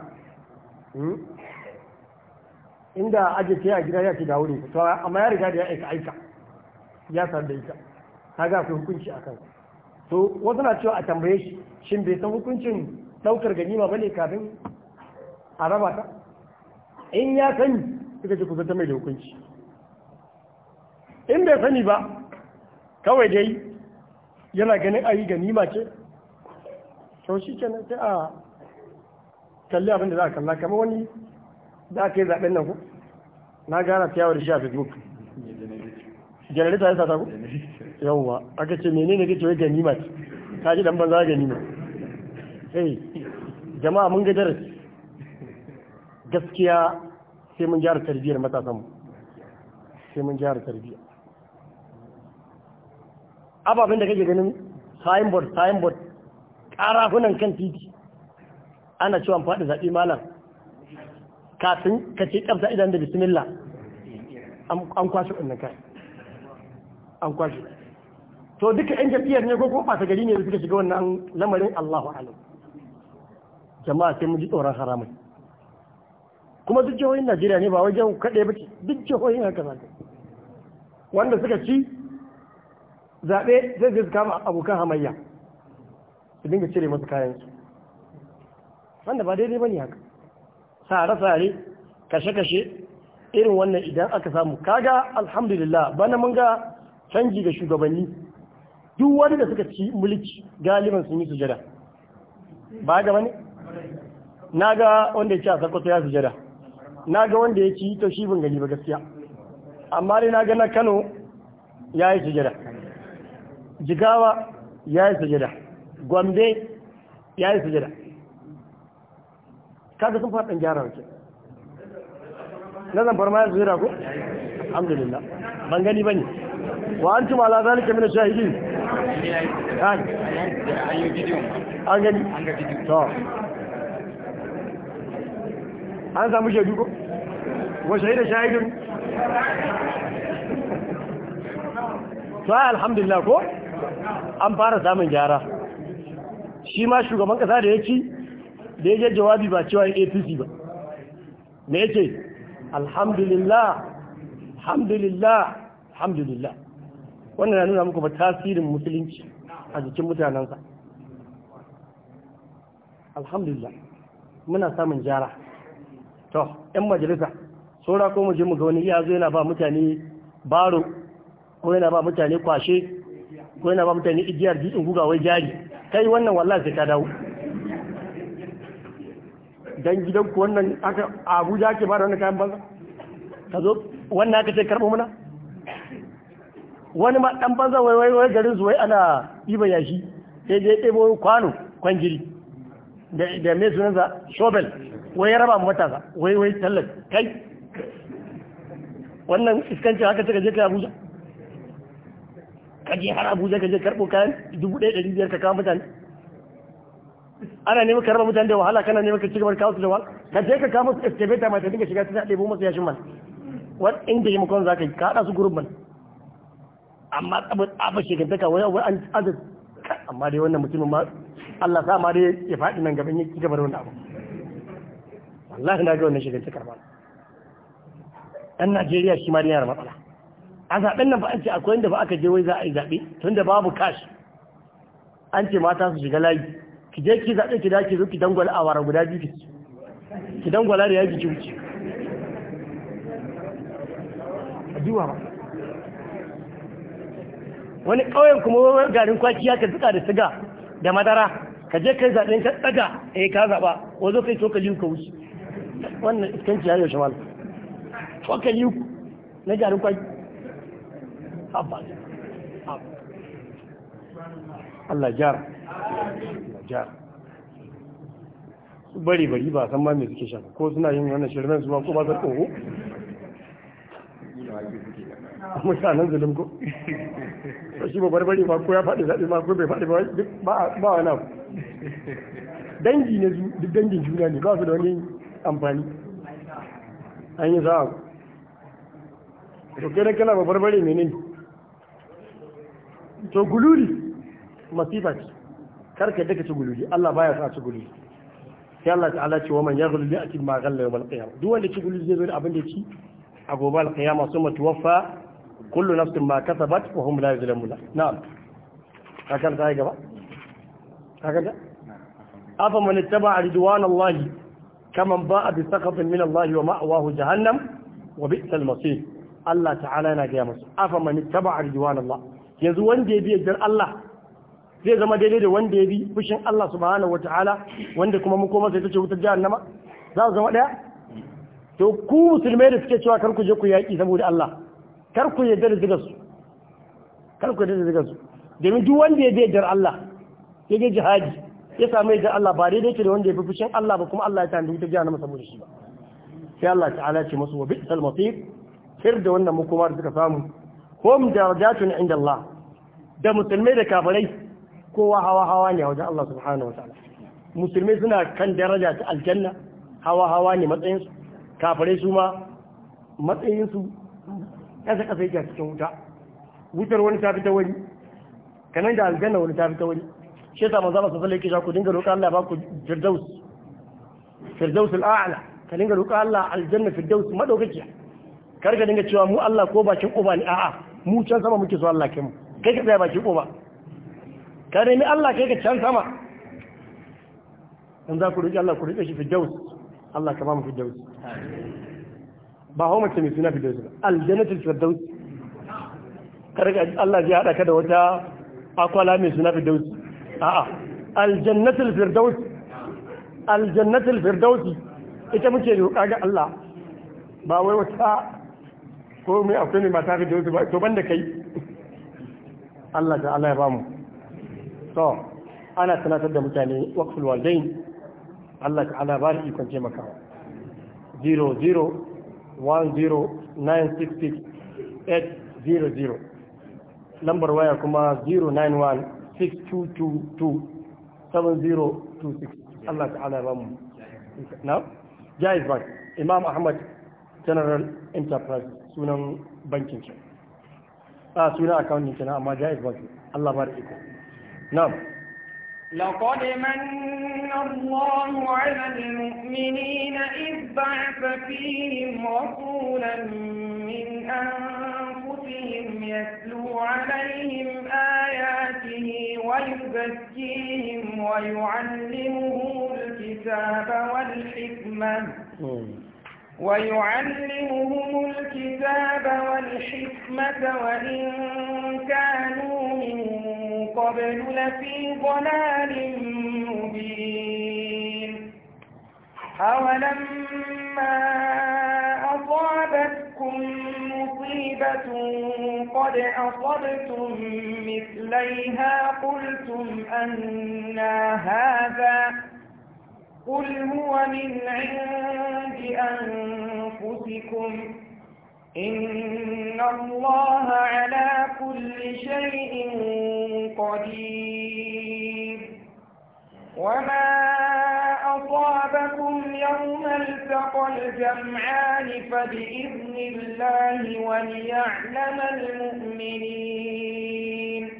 hmm? inda aje ce a gida ya ce da wurin to amma ya riga da ya aika aika ya san da ita ga akwai hukunci a kan to wasu na cewa a tambaye shi shin bai san hukuncin ɗaukar ganima ne kafin a raba ta in ya sani suka ce kusa ta mai da hukunci in bai sani ba kawai dai yana ganin ayi ganima ce to shi kenan sai a kalli abin da za a kalla kamar wani da aka yi zaɓen nan ku na gara ta yawar shi a facebook janarita ya sata ku yawwa aka ce menene kake wai ganima ce ta ji dan banza ma. hey jama'a mun ga darasi gaskiya sai mun gyara tarbiyyar matasanmu sai mun gyara tarbiyya ababin da kake ganin signboard signboard ƙarafunan kan titi ana cewa faɗi zaɓi malam kafin ka ce ƙafta idan da bismillah an kwashe wannan kai an kwashe to duka yan jam'iyyar ne ko kuma gari ne da suka shiga wannan lamarin Allahu alam jama'a sai mu ji tsoron haramun kuma duk jihohin Najeriya ne ba wajen kaɗai ba ce duk jihohin haka ba wanda suka ci zaɓe zai zai kama abokan hamayya su dinga cire masu kayansu wanda ba daidai ba ne haka sare-sare kashe-kashe irin wannan idan aka samu kaga alhamdulillah bana mun ga canji ga shugabanni duk wani da suka ci mulki galiban sun yi sujada ba ga wani na ga wanda ya ci a sakwato ya sujada na ga wanda ya ci to shi ban gani ba gaskiya amma dai na ga na kano ya yi sujada jigawa ya yi sujada gombe ya yi sujada kaga sun faɗin gyara wake na zamfar ma ya sujada ko? alhamdulillah ban gani ba ne wa an cima ala zalika mina shahidi an gani an samu shaidu ko? wa shahida shahidin to alhamdulillah ko? an fara samun gyara shi ma shugaban kasa da ya ci da ya jawabi ba cewa apc ba me ya ce alhamdulillah alhamdulillah alhamdulillah wannan na nuna muku ba tasirin musulunci a jikin mutanensa alhamdulillah muna samun jara to yan majalisa saura ko muje mu ga wani iya zo yana ba mutane baro ko yana ba mutane kwashe ko yana ba mutane igiyar dutsen gugawai wai jari kai wannan wallahi sai ka dawo dan gidan ku wannan aka Abuja ke bada wannan kayan banza ka zo wannan aka ce karbo mana wani ma dan banza wai wai wai garin su wai ana iba yashi sai dai ɗebo kwano kwangiri da da me sunansa shobel wai ya raba mu matasa wai wai tallafi kai wannan iskancin haka take je ka Abuja Kaje har abuja ka je karbo kayan dubu ɗaya ɗari biyar ka kawo mutane ana neman ka mutane da wahala kana neman ka cigaba da kawo su da wahala ka je ka kawo musu excavator mai ta dinga shiga tana ɗebo masu yashin man wa inda ya makon za ka yi ka haɗa su gurin man amma abin shekantaka wani abu an azar amma dai wannan mutumin ma Allah sa ma dai ya faɗi nan gaban yake cigaba gaba da wannan abu wallahi na ga wannan ta karba ɗan Najeriya shi ma dai yana matsala a zaɓen nan ba an ce akwai inda ba aka je wai za a yi zaɓe tun da babu kash an ce mata su shiga layi ki je ki zaɓe ki dace zo ki dangwala a wara guda biyu ki dangwala da yaji ki wuce a jiwa ba wani ƙauyen kuma garin kwaki ya ka zuka da siga da madara ka je kai zaɓen ka tsaga yi eh, ka zaɓa ko zo kai tokali ka wuce wannan iskanci ya yi shamal tokali na garin kwaki abba Allah jara Allah jara su bari bari ba san ma me suke shafa ko suna yin wannan shirmen su ba ko ba su tsoro mutanen zulum ko shi ba barbari ba ko ya faɗi zaɓe ma ko bai faɗi ba ba na abu dangi ne duk dangin juna ne ba su da wani amfani an yi za'a to kai da kala ba ne menene to gululi masifa ce karka daga ka ci gululi Allah baya sa ci gululi sai Allah ta'ala ce wa man yaghlu bi atin ma ghalla yawm al-qiyamah duk wanda ci gululi zai zo abin da ci a gobe al-qiyama summa tuwaffa kullu nafsin ma kasabat wa hum la yuzlamun na'am kakan ta gaba kakan ta afa man ittaba ridwan Allah kaman ba'a bi saqafin min Allah wa ma'wahu jahannam wa bi'sal masir Allah ta'ala yana ga musu afa man ittaba ridwan Allah yanzu wanda ya bi yardar Allah zai zama daidai da wanda ya bi fushin Allah subhanahu wataala wanda kuma mu koma sai ta ce wutar nama, za su zama daya to ku musulmai da suke cewa kar ku je ku yaki saboda Allah kar ku yarda da zigar su kar ku yarda da zigar su domin duk wanda ya bi yardar Allah ya je jihadi ya samu yardar Allah ba daidai ke da wanda ya bi fushin Allah ba kuma Allah ya tanda wutar nama saboda shi ba sai Allah ta'ala ce masu wa bi'sal masir sir da wannan makoma da suka samu hum darajatun inda Allah da musulmai da kafirai kowa hawa hawa ne a wajen Allah subhanahu wataala musulmai suna kan daraja ta aljanna hawa hawa ne matsayin su kafirai su ma matsayin su kasa kasa yake a cikin wuta wutar wani ta fita wani kanan da aljanna wani ta fita wani shi yasa manzo Allah sallallahu alaihi wasallam ku dinga dinga aljanna karka dinga cewa mu Allah ko bakin uba ne a'a mu can sama muke so Allah kai kai ka tsaya bakin uba ka nemi Allah kai ka can sama in za ku riƙe Allah ku riƙe shi fi daus Allah ka ba mu fi daus ba hau mace mai suna fi daus ba aljannatul firdaus kar ka Allah zai hada ka da wata akwala mai suna fi daus a'a aljannatul firdaus aljannatul firdaus ita muke roƙa ga Allah ba wai wata ko mai akwai mai mata da wasu ba to ban da kai Allah ta Allah ya bamu to ana tunatar da mutane waqful walidain Allah ta Allah ba shi ikon taimakawa 0010668800 lambar waya kuma 0916222 7026 Allah ta'ala Allah ya bamu na Jaiz Bank Imam Ahmad General Enterprise sunan bankin ke a sunan akawunin ke amma jaiz bank Allah ba da iko na'am لقد من الله على المؤمنين إذ بعث فيهم رسولا من أنفسهم يتلو عليهم آياته ويزكيهم ويعلمهم الكتاب والحكمة ويعلمهم الكتاب والحكمة وإن كانوا من قبل لفي ضلال مبين أولما أصابتكم مصيبة قد أصبتم مثليها قلتم أنا هذا قل هو من عند أنفسكم إن الله على كل شيء قدير وما أصابكم يوم التقى الجمعان فبإذن الله وليعلم المؤمنين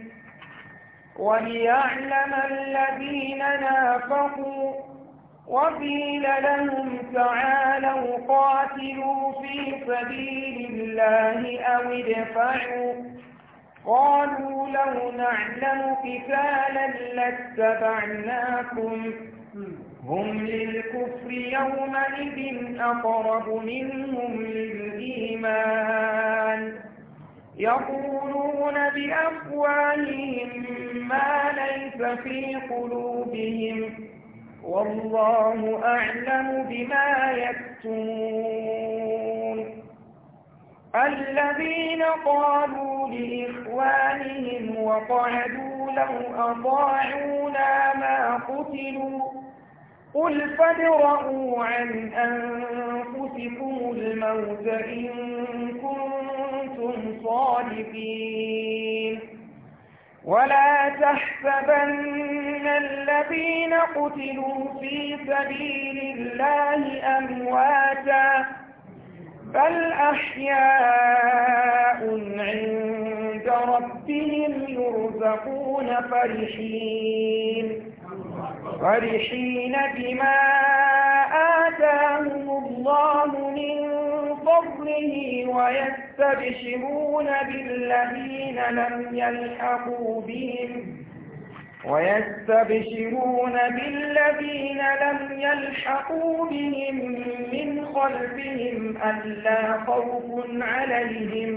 وليعلم الذين نافقوا وقيل لهم تعالوا قاتلوا في سبيل الله أو ادفعوا قالوا لو نعلم قتالا لاتبعناكم هم للكفر يومئذ أقرب منهم للإيمان يقولون بأفواههم ما ليس في قلوبهم والله أعلم بما يكتمون الذين قالوا لإخوانهم وقعدوا لو أطاعونا ما قتلوا قل فادرؤوا عن أنفسكم الموت إن كنتم صادقين ولا تحسبن الذين قتلوا في سبيل الله أمواتا بل أحياء عند ربهم يرزقون فرحين فرحين بما آتاهم الله دونه ويستبشرون بالذين لم يلحقوا بهم ويستبشرون بالذين لم يلحقوا بهم من خلفهم ألا خوف عليهم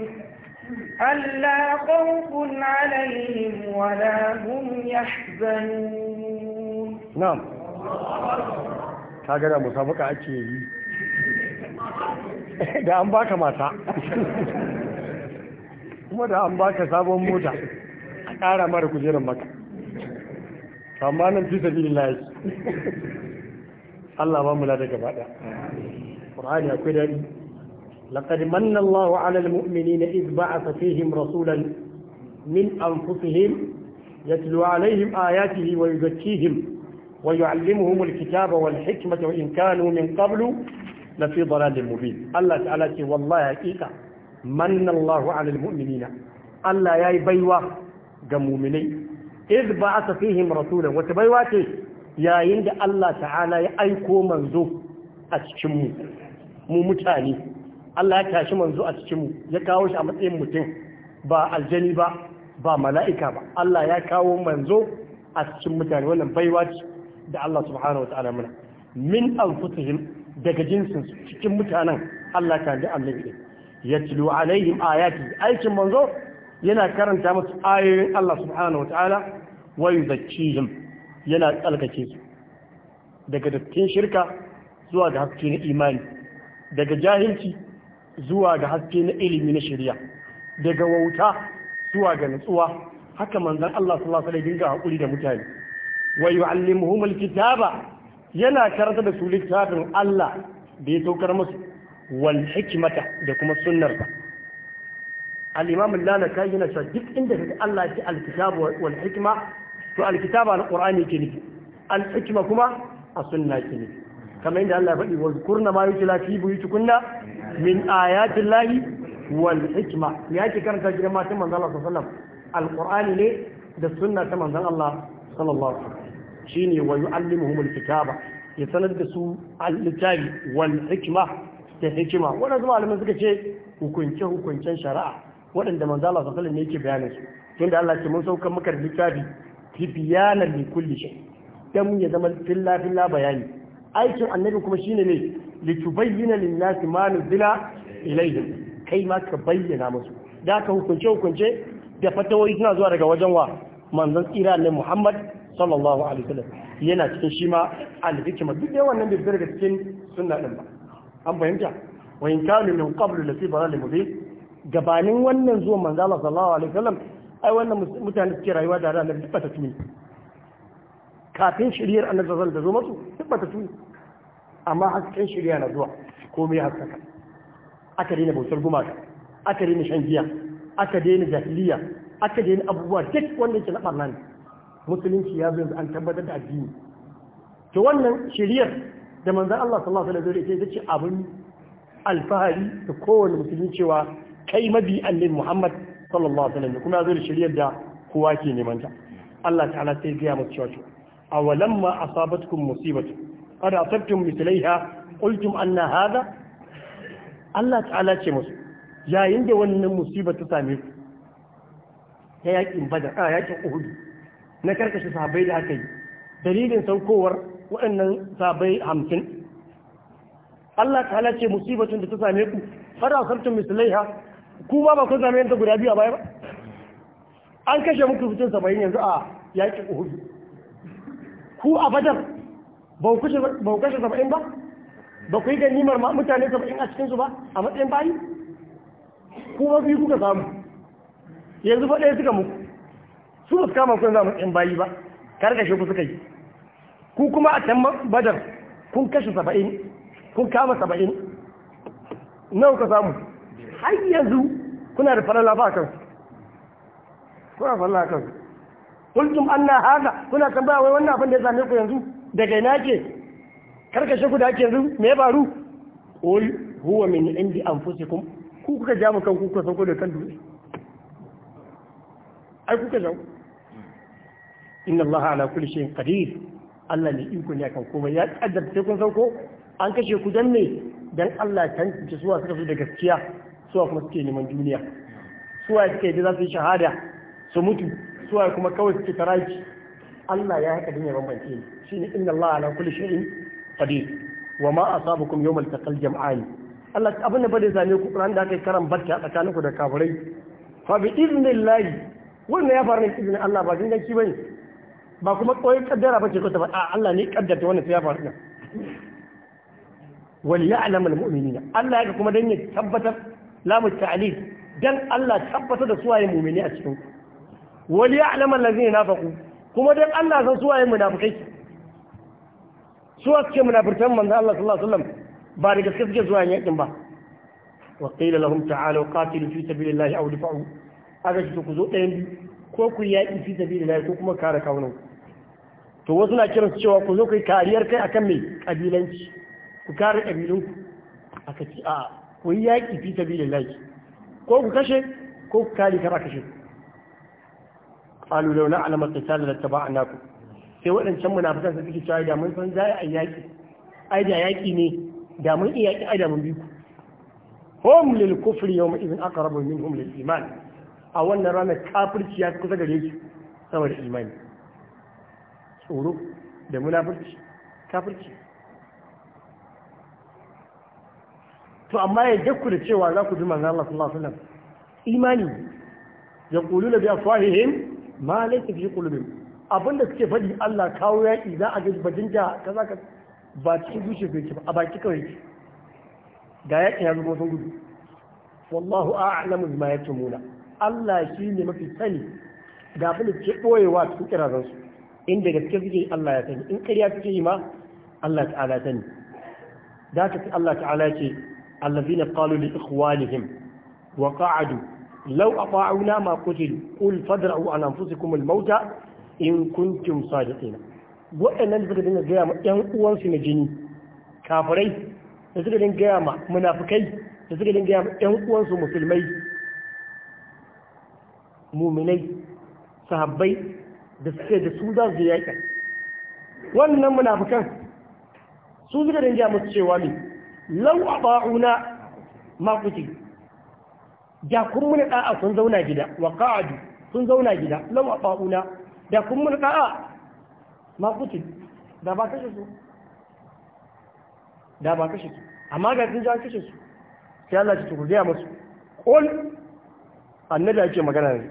ألا خوف عليهم ولا هم يحزنون نعم kaga مسابقة أكيد da an baka mata kuma da an baka sabon mota a ƙara mara kujerar maka amma nan fi sabi lillahi Allah ba mu lada gaba ɗaya Qur'ani akwai dadi laqad manna Allahu 'alal mu'minina idh ba'atha safihim rasulan min an ya wa yi anfusihim يتلو عليهم آياته ويزكيهم ويعلمهم الكتاب والحكمة in kanu min قبل na fi dalalin mubin Allah ta'ala ce wallahi haqiqa manna Allahu 'alal mu'minina Allah yayi baiwa ga mu'minai idh ba'atha fihim rasulan wata baiwa ce yayin da Allah ta'ala ya aiko manzo a cikin mu mu mutane Allah ya tashi manzo a cikin mu ya kawo shi a matsayin mutum ba aljani ba ba mala'ika ba Allah ya kawo manzo a cikin mutane wannan baiwa ce da Allah subhanahu wa ta'ala muna min anfusihim daga jinsin cikin mutanen Allah ta da annabi yatlu alaihim ayati aikin manzo yana karanta masu ayoyin Allah subhanahu wataala wa yuzakkihim yana tsalkake su daga dattin shirka zuwa ga haske na imani daga jahilci zuwa ga haske na ilimi na shirya daga wauta zuwa ga nutsuwa haka manzon Allah sallallahu alaihi wasallam dinga hakuri da mutane wa yu'allimuhum kitaba. yana karanta da su littafin Allah da ya saukar musu wal hikmata da kuma sunnar ba al-imam yana cewa duk inda kaga Allah ya ce al wal hikma to al-kitab al ke nufi al-hikma kuma a sunna ke nufi Kama inda Allah ya faɗi wa kurna ma yutla fi kunna, min ayatil lahi wal hikma ya ke karanta gidan matan manzon Allah sallallahu alaihi wasallam al ne da sunna ta manzon Allah sallallahu alaihi wasallam shine wa yu'allimuhumul kitaba ya sanar da su al-littafi wal hikma da hikima wannan zuwa malaman suka ce hukunce hukuncen shari'a waɗanda manzo Allah sallallahu alaihi wasallam yake bayanin su tunda Allah ce mun saukar maka da littafi tibyana li kulli shay dan mun ya zama filla filla bayani aikin annabi kuma shine ne litubayyana lin-nasi ma nuzila ilayhim kai ma ka bayyana musu da ka hukunce hukunce da fatawoyi suna zuwa daga wajen wa manzon tsira ne Muhammad sallallahu alaihi wasallam yana cikin shi ma al-hikma duk da wannan bai daga cikin sunna din ba an fahimta wa in kanu min qablu la fi dalal mubin gabanin wannan zuwa manzo Allah sallallahu alaihi wasallam ai wannan mutane suke rayuwa da ranar duk bata tuni kafin shiriyar annabi sallallahu alaihi wasallam da zo musu duk bata tuni amma hasken shiriya na zuwa komai haskaka aka daina bautar gumaka aka daina shan giya aka daina jahiliya aka daina abubuwa duk wanda yake na barna musulunci ya zo an tabbatar da addini to wannan shiriyar da manzan Allah sallallahu alaihi wasallam ya ce abin alfahari da kowane musulmi cewa kai mabi annabi Muhammad sallallahu alaihi wasallam kuma zo da shiriyar da kowa ke neman ta Allah ta'ala sai gaya maka cewa awalamma asabatkum musibatu qad asabtum mithlaiha qultum anna hadha Allah ta'ala ce musu yayin da wannan musiba ta same ku ta yakin badar a yakin uhud na karkashe sahabbai da aka yi dalilin saukowar waɗannan sahabbai hamsin Allah ta halace musibatun da ta same ku fara samtun misalaiha ku ma ba ku same yanta guda biyu a baya ba an kashe muku fitin saba'in yanzu a yaƙi uhudu ku a badar ba ku kashe saba'in ba ba ku yi ganimar mutane saba'in a cikinsu ba a matsayin bayi ku ma biyu kuka samu yanzu ya suka muku su ba su kama kun zama in bayi ba ka ku suka yi ku kuma a can badar kun kashe saba'in kun kama saba'in nawa ka samu har yanzu kuna da falala ba kansu kuna falala kansu an na haka kuna kan ba wai wannan abin da ya same ku yanzu daga ina ke karkashe ku da ake yanzu me ya faru huwa min indi anfusikum ku kuka ja mu kan ku kuka sauko da kan dutse ai kuka jawo inna allaha ala kulli shay'in qadir Allah ne iko ne akan komai ya sai kun sauko an kashe ku dan ne dan Allah ya tantance suwa suka fi da gaskiya suwa kuma suke neman duniya suwa suke da za su yi shahada su mutu suwa kuma kawai suke taraki Allah ya haka dunya bambance ne shine inna allaha ala kulli shay'in qadir wa ma asabakum yawmal taqal jam'ani Allah abin da ba da zane ku Qur'an da kai karan barka tsakaninku da kafirai fa bi idnillahi wannan ya faru ne izinin Allah ba dinga ki bane ba kuma koyi kaddara ba ce ko ta ba a Allah ne kaddarta wannan sai ya faru nan wal ya'lam al mu'minina Allah ya kuma dan ya tabbatar lamu ta'lil dan Allah tabbatar da suwaye mu'mini a cikin ku wal ya'lam allazina nafaqu kuma dan Allah san suwaye munafikai suwa suke munafirtan manzo Allah sallallahu alaihi wasallam ba da gaske suke zuwa din ba wa qila lahum ta'alu qatilu fi sabilillahi aw difa'u aka ku zo ɗayan ko ku yaƙi fi sabilillahi ko kuma kare kawunan to wasu na kiransu cewa ku zo kai kariyar kai akan mai kabilanci ku kare kabilunku aka ce a ku yi yaƙi fi sabilillahi ko ku kashe ko ku kare kar a kashe ku qalu law na'lamu qital naku sai waɗancan munafikan su suke cewa da san za a yi yaƙi ai da yaƙi ne da mun iya yaƙi ai da mun bi ku hum lil kufri yawma idhin aqrabu minhum lil iman a wannan ranar kafirci ya kusa gare su saboda imani tsoro da munafurci kafirci to amma ya jakku da cewa za ku ji manzon Allah sallallahu alaihi wasallam imani da biya afwahihim ma laysa fi qulubihim abinda suke faɗi Allah kawo yaƙi za a ga bajinta kaza ka ba cikin zuciya bai ki ba a baki kawai ga yaƙin ya zuwa sun gudu wallahu a'lamu bima yatumuna Allah shi ne mafi sani ga abin da ke ɓoyewa cikin kirazansu Inda da gaske suke Allah ya sani in ƙarya suke yi ma Allah ta'ala ya sani da ka Allah ta'ala ce allazina qalu li ikhwanihim wa lau a ata'una ma qutilu qul fadra'u an anfusikum al-mauta in kuntum sadiqina waɗannan suka dinga gaya ma ƴan uwansu na jini kafirai da suka dinga gaya ma munafukai da suka dinga gaya ma ƴan uwansu musulmai muminai sahabbai da suke da su za su yaƙi wannan munafikan su suka dinga musu cewa ne lau a ba'una makuti da kun muna ɗa'a sun zauna gida wa ƙa'adu sun zauna gida lau a ba'una da kun muna da'a makuti da ba kashe su da ba kashe su amma ga sun ja kashe su sai Allah ya tukurdiya musu ƙol annada ake magana ne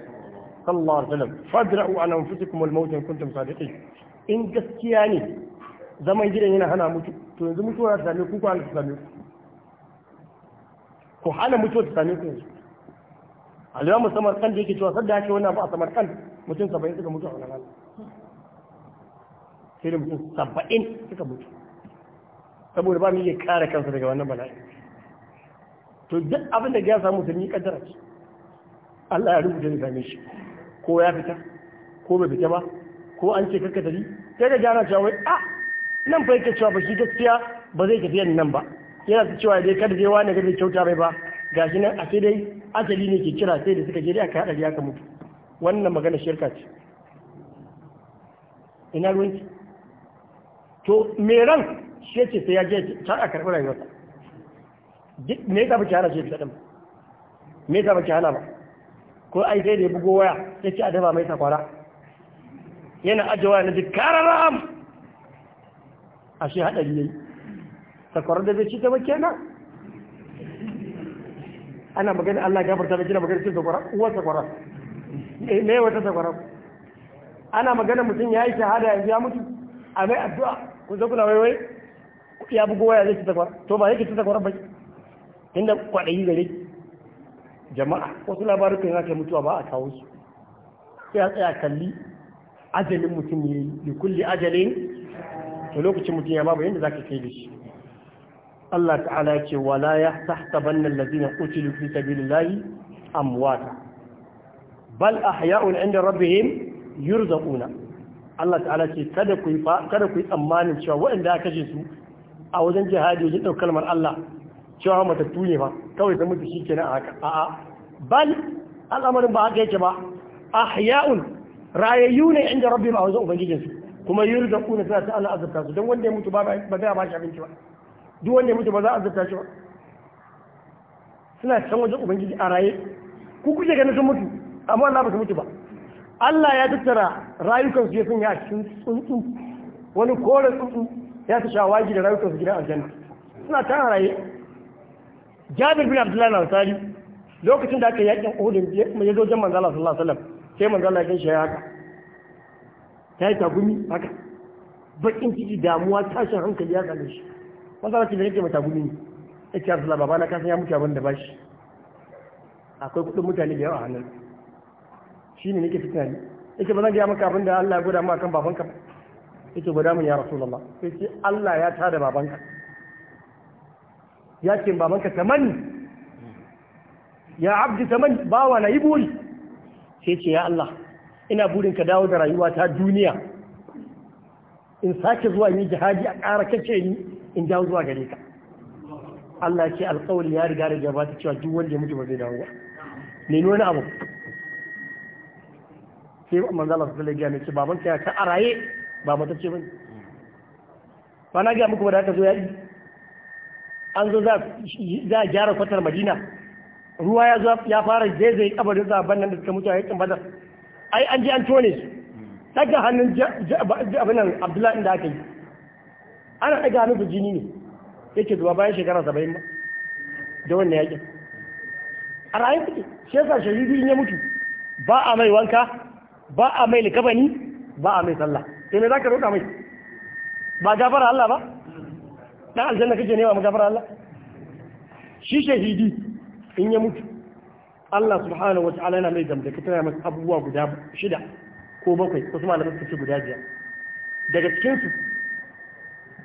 sallallahu alaihi wasallam fadra'u an anfusikum wal ne zaman gidan yana hana mutu to yanzu mutuwa ta same ku ko an ko hana mutuwa ta same ku yanzu alwa musamman kan da yake cewa sadda yake wannan ba a samar kan mutum 70 suka mutu a wannan halin sai da mutum 70 suka mutu saboda ba mu kare kansa daga wannan bala'i to duk abin da ya samu musulmi kaddara ce Allah ya rubuta da same shi ko ya fita ko bai fita ba ko an ce kakka tafi sai ka gyara cewa wai a ah, nan fa yake cewa ba shi gaskiya ba zai tafiya nan ba yana ta cewa dai kada dai wani ga bai kyauta bai ba gashi nan a sai dai asali ne ke kira sai da suka je dai aka haɗa aka mutu wannan magana shirka ce ina ruwanki to me ran shi ce sai ya je ta a karɓi rayuwarsa me yasa ba ki hana shi fita ɗin me yasa ba ki hana ba ko ai sai da ya bugo waya sai ci a dafa mai sakwara yana ajiye waya na jikarar ra'am a shi haɗari yayi sakwarar da zai ci ta bakke nan ana magana Allah gafarta da kina magana cin sakwara uwar sakwara me wata sakwara ana magana mutum ya yi shahada yanzu ya mutu a mai addu'a ku zo kuna waiwai ya bugo waya zai ci sakwara to ba yake ci sakwara ba inda kwaɗayi gare ki jama'a wasu labarukan kan kai mutuwa ba a kawo su sai a tsaya kalli ajalin mutum ya yi da kulli ajalin to lokacin mutum ya babu yadda za kai da shi Allah ta'ala ce wala ya tahtabanna allazina qutilu fi sabilillahi amwata bal ahya'un 'inda rabbihim yurzaquna Allah ta'ala ce kada ku yi kada ku yi tsammanin cewa waɗanda aka kashe su a wajen jihadi wajen ɗaukar kalmar Allah cewa matattu ne ba kawai ta mutu shikenan a haka a'a bal al'amarin ba haka yake ba a hayaun rayayyu ne inda rabbihim a wajen ubangijinsu kuma kuna suna ta Allah azurta su don wanda ya mutu ba za a ba shi abinci ba duk wanda ya mutu ba za a azurta shi ba suna can wajen ubangiji a raye ku kuke ganin sun mutu amma Allah ba su mutu ba Allah ya tattara rayukansu ya sun ya cikin tsuntsu wani kore tsuntsu ya ta shawagi da rayukansu gidan aljanna suna ta raye jabir bin abdullahi al-ansari lokacin da aka yakin uhud ya zo jan manzala sallallahu alaihi wasallam sai manzala ya shi haka ta yi tagumi haka bakin ciki damuwa tashin hankali ya kalle shi manzala ce da yake mai tagumi ne yake arzula baba na kasan ya mutu abin da bashi akwai kudin mutane da yawa a hannun shine nake fitina ne yake ba zan gaya maka abin da Allah ya gwada mu akan babanka ba yake gwada ya ya rasulullah sai Allah ya tada babanka ya ce babanka tamani ya abdi tamani wa na yi buri sai ce ya Allah ina burin ka dawo da rayuwa ta duniya in sake zuwa yi jihadi a ƙara kace ni in dawo zuwa gare ka Allah ce alƙawari ya riga da gabata cewa duk wanda ya mutu ba zai dawo ba ne wani abu sai manzo Allah sallallahu alaihi wasallam ce baban ya ta araye ba mata ce bane ba na ga muku ba da ka zo ya yi an zo za a gyara kwatar madina ruwa ya zo ya fara zai kabarin zaben nan da suka mutu a yakin badar ai an je an tone su daga hannun abinan abdullahi inda aka yi ana daga hannun su jini ne yake zuwa bayan shekara saba'in ba da wannan yakin a rayu kuke shi yasa shahidu ya mutu ba a mai wanka ba a mai likabani ba a mai sallah sai me za ka roƙa mai ba gafara Allah ba ta aljanna kake nema mu gafara Allah shi shahidi in ya mutu Allah subhanahu wa ta'ala yana mai gamda ka tana masa abubuwa guda shida ko bakwai ko kuma da suka guda biyar daga cikin su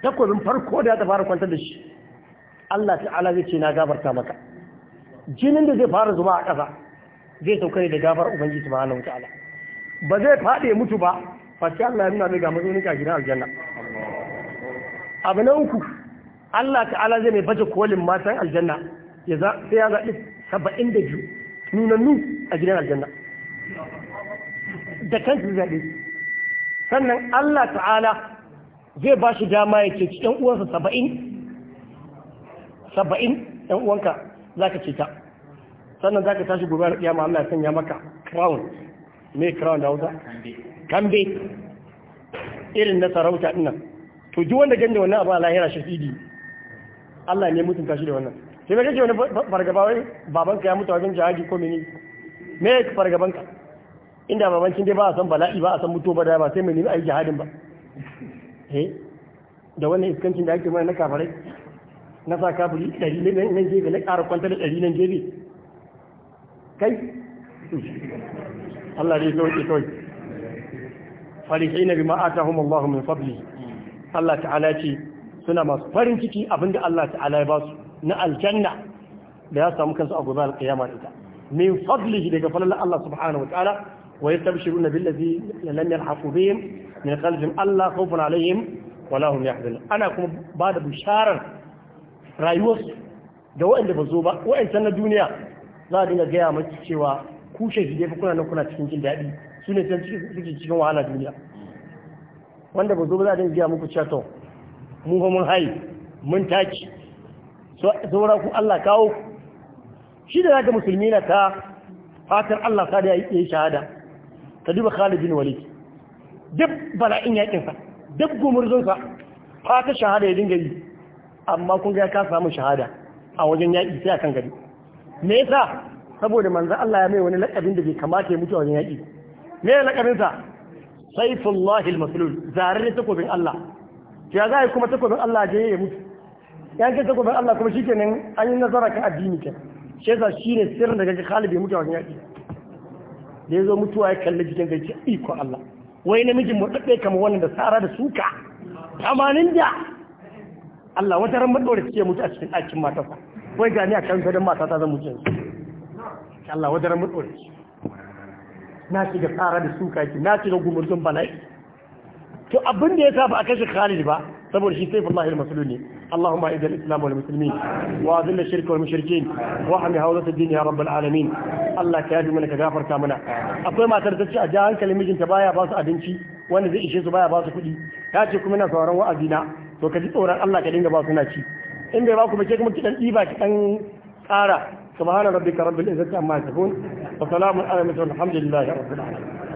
takwarin farko da ta fara kwantar da shi Allah ta'ala zai ce na gafarta maka jinin da zai fara zuba a ƙasa zai sauka ne da gafar ubangiji subhanahu wa ta'ala ba zai faɗe mutu ba fa sai Allah ya nuna mai ga mazaunin ka gidan aljanna abu na uku Allah ta'ala zai mai baje kolin matan aljanna ya za sai ya zaɓi saba'in da biyu nunannu a gidan aljanna da su zaɓe sannan Allah ta'ala zai ba shi dama ya ce ɗan uwansa saba'in saba'in ɗan uwanka za ka ce ta sannan za ka tashi gobe ya ma Allah ya sanya maka crown me crown da hausa kambe irin na sarauta ɗin nan to ji wanda ganda wannan abu a lahira shafidi Allah ne mutunta shi da wannan sai kake wani fargaba wai babanka ya mutu wajen jihadi ko mene me ya fargabanka inda babancin dai ba a san bala'i ba a san mutuwa da ba sai mai nemi a yi jihadin ba da wannan iskancin da ake mana na kafarai na sa kafiri ɗari nan gefe na ƙara kwanta da ɗari nan gefe kai Allah ne sauƙi kawai farihina bima atahum Allah min fadli Allah ta'ala ce suna masu farin ciki abinda Allah ta'ala ya ba su na aljanna da ya samu kansu a gobe alƙiyama ita min fadlihi daga falalar Allah subhanahu wa ta'ala wa yastabshiruna billazi lam yalhaqu bihim min qalbin Allah khawfun alaihim wala hum yahzanun ana kuma ba da bisharar rayuwarsu da waɗanda ba zo ba waɗancan na duniya za a dinga gaya maki cewa ku shahidai fa kuna nan kuna cikin jin daɗi su ne can suke cikin wahala duniya wanda ba zo ba za a dinga gaya muku cewa to Mun ba mun haye mun taki saura ku Allah kawo shi da zaka musulmi na ta fatar Allah ka da ya yi shahada ta duba Khalid bin Walid duk bala'in yakin sa duk gumurzon sa fata shahada ya dinga yi amma kun ga ka samu shahada a wajen yaki sai akan gari me yasa saboda manzo Allah ya mai wani lakabin da bai kamata ya mutu a wajen yaki me lakabin sa sayfullahi al-maslul zarar takobin Allah ya za a yi kuma takwabin Allah je ya mutu ya ce takwabin Allah kuma shikenan an yi nazara kan addini ke shi yasa shi ne sirrin daga Khalid bai mutu a wajen yaƙi da ya zo mutuwa ya kalli jikin kai iko Allah wai namijin murɗaɗɗe kamar wannan da tsara da suka tamanin da Allah wata ran maɗaure suke mutu a cikin ɗakin matarsa wai gani a kan gadon matata zan mutu Allah wata ran maɗaure na shiga tsara da suka ki na shiga gumurzun bala'i to abin da ya sa ba a kashe Khalid ba saboda shi sayfullahi al-maslul ne Allahumma izzil al-islam wal muslimin wa azil shirka wal mushrikin wa hami hawlat ad a ya rabbal alamin Allah ka yafi mana ka gafarta mana akwai matar ta ce a ja hankali mijinta baya ba su abinci wanda zai ishe su baya ba su kuɗi ta ce kuma ina sauran wa'azi na to ka ji tsoron Allah ka dinga ba su na ci in bai ba ku ba ke kuma ki dan ɗiba kiɗan dan tsara subhana rabbika rabbil izzati amma yasifun wa salamun ala mursalin alhamdulillahi rabbil alamin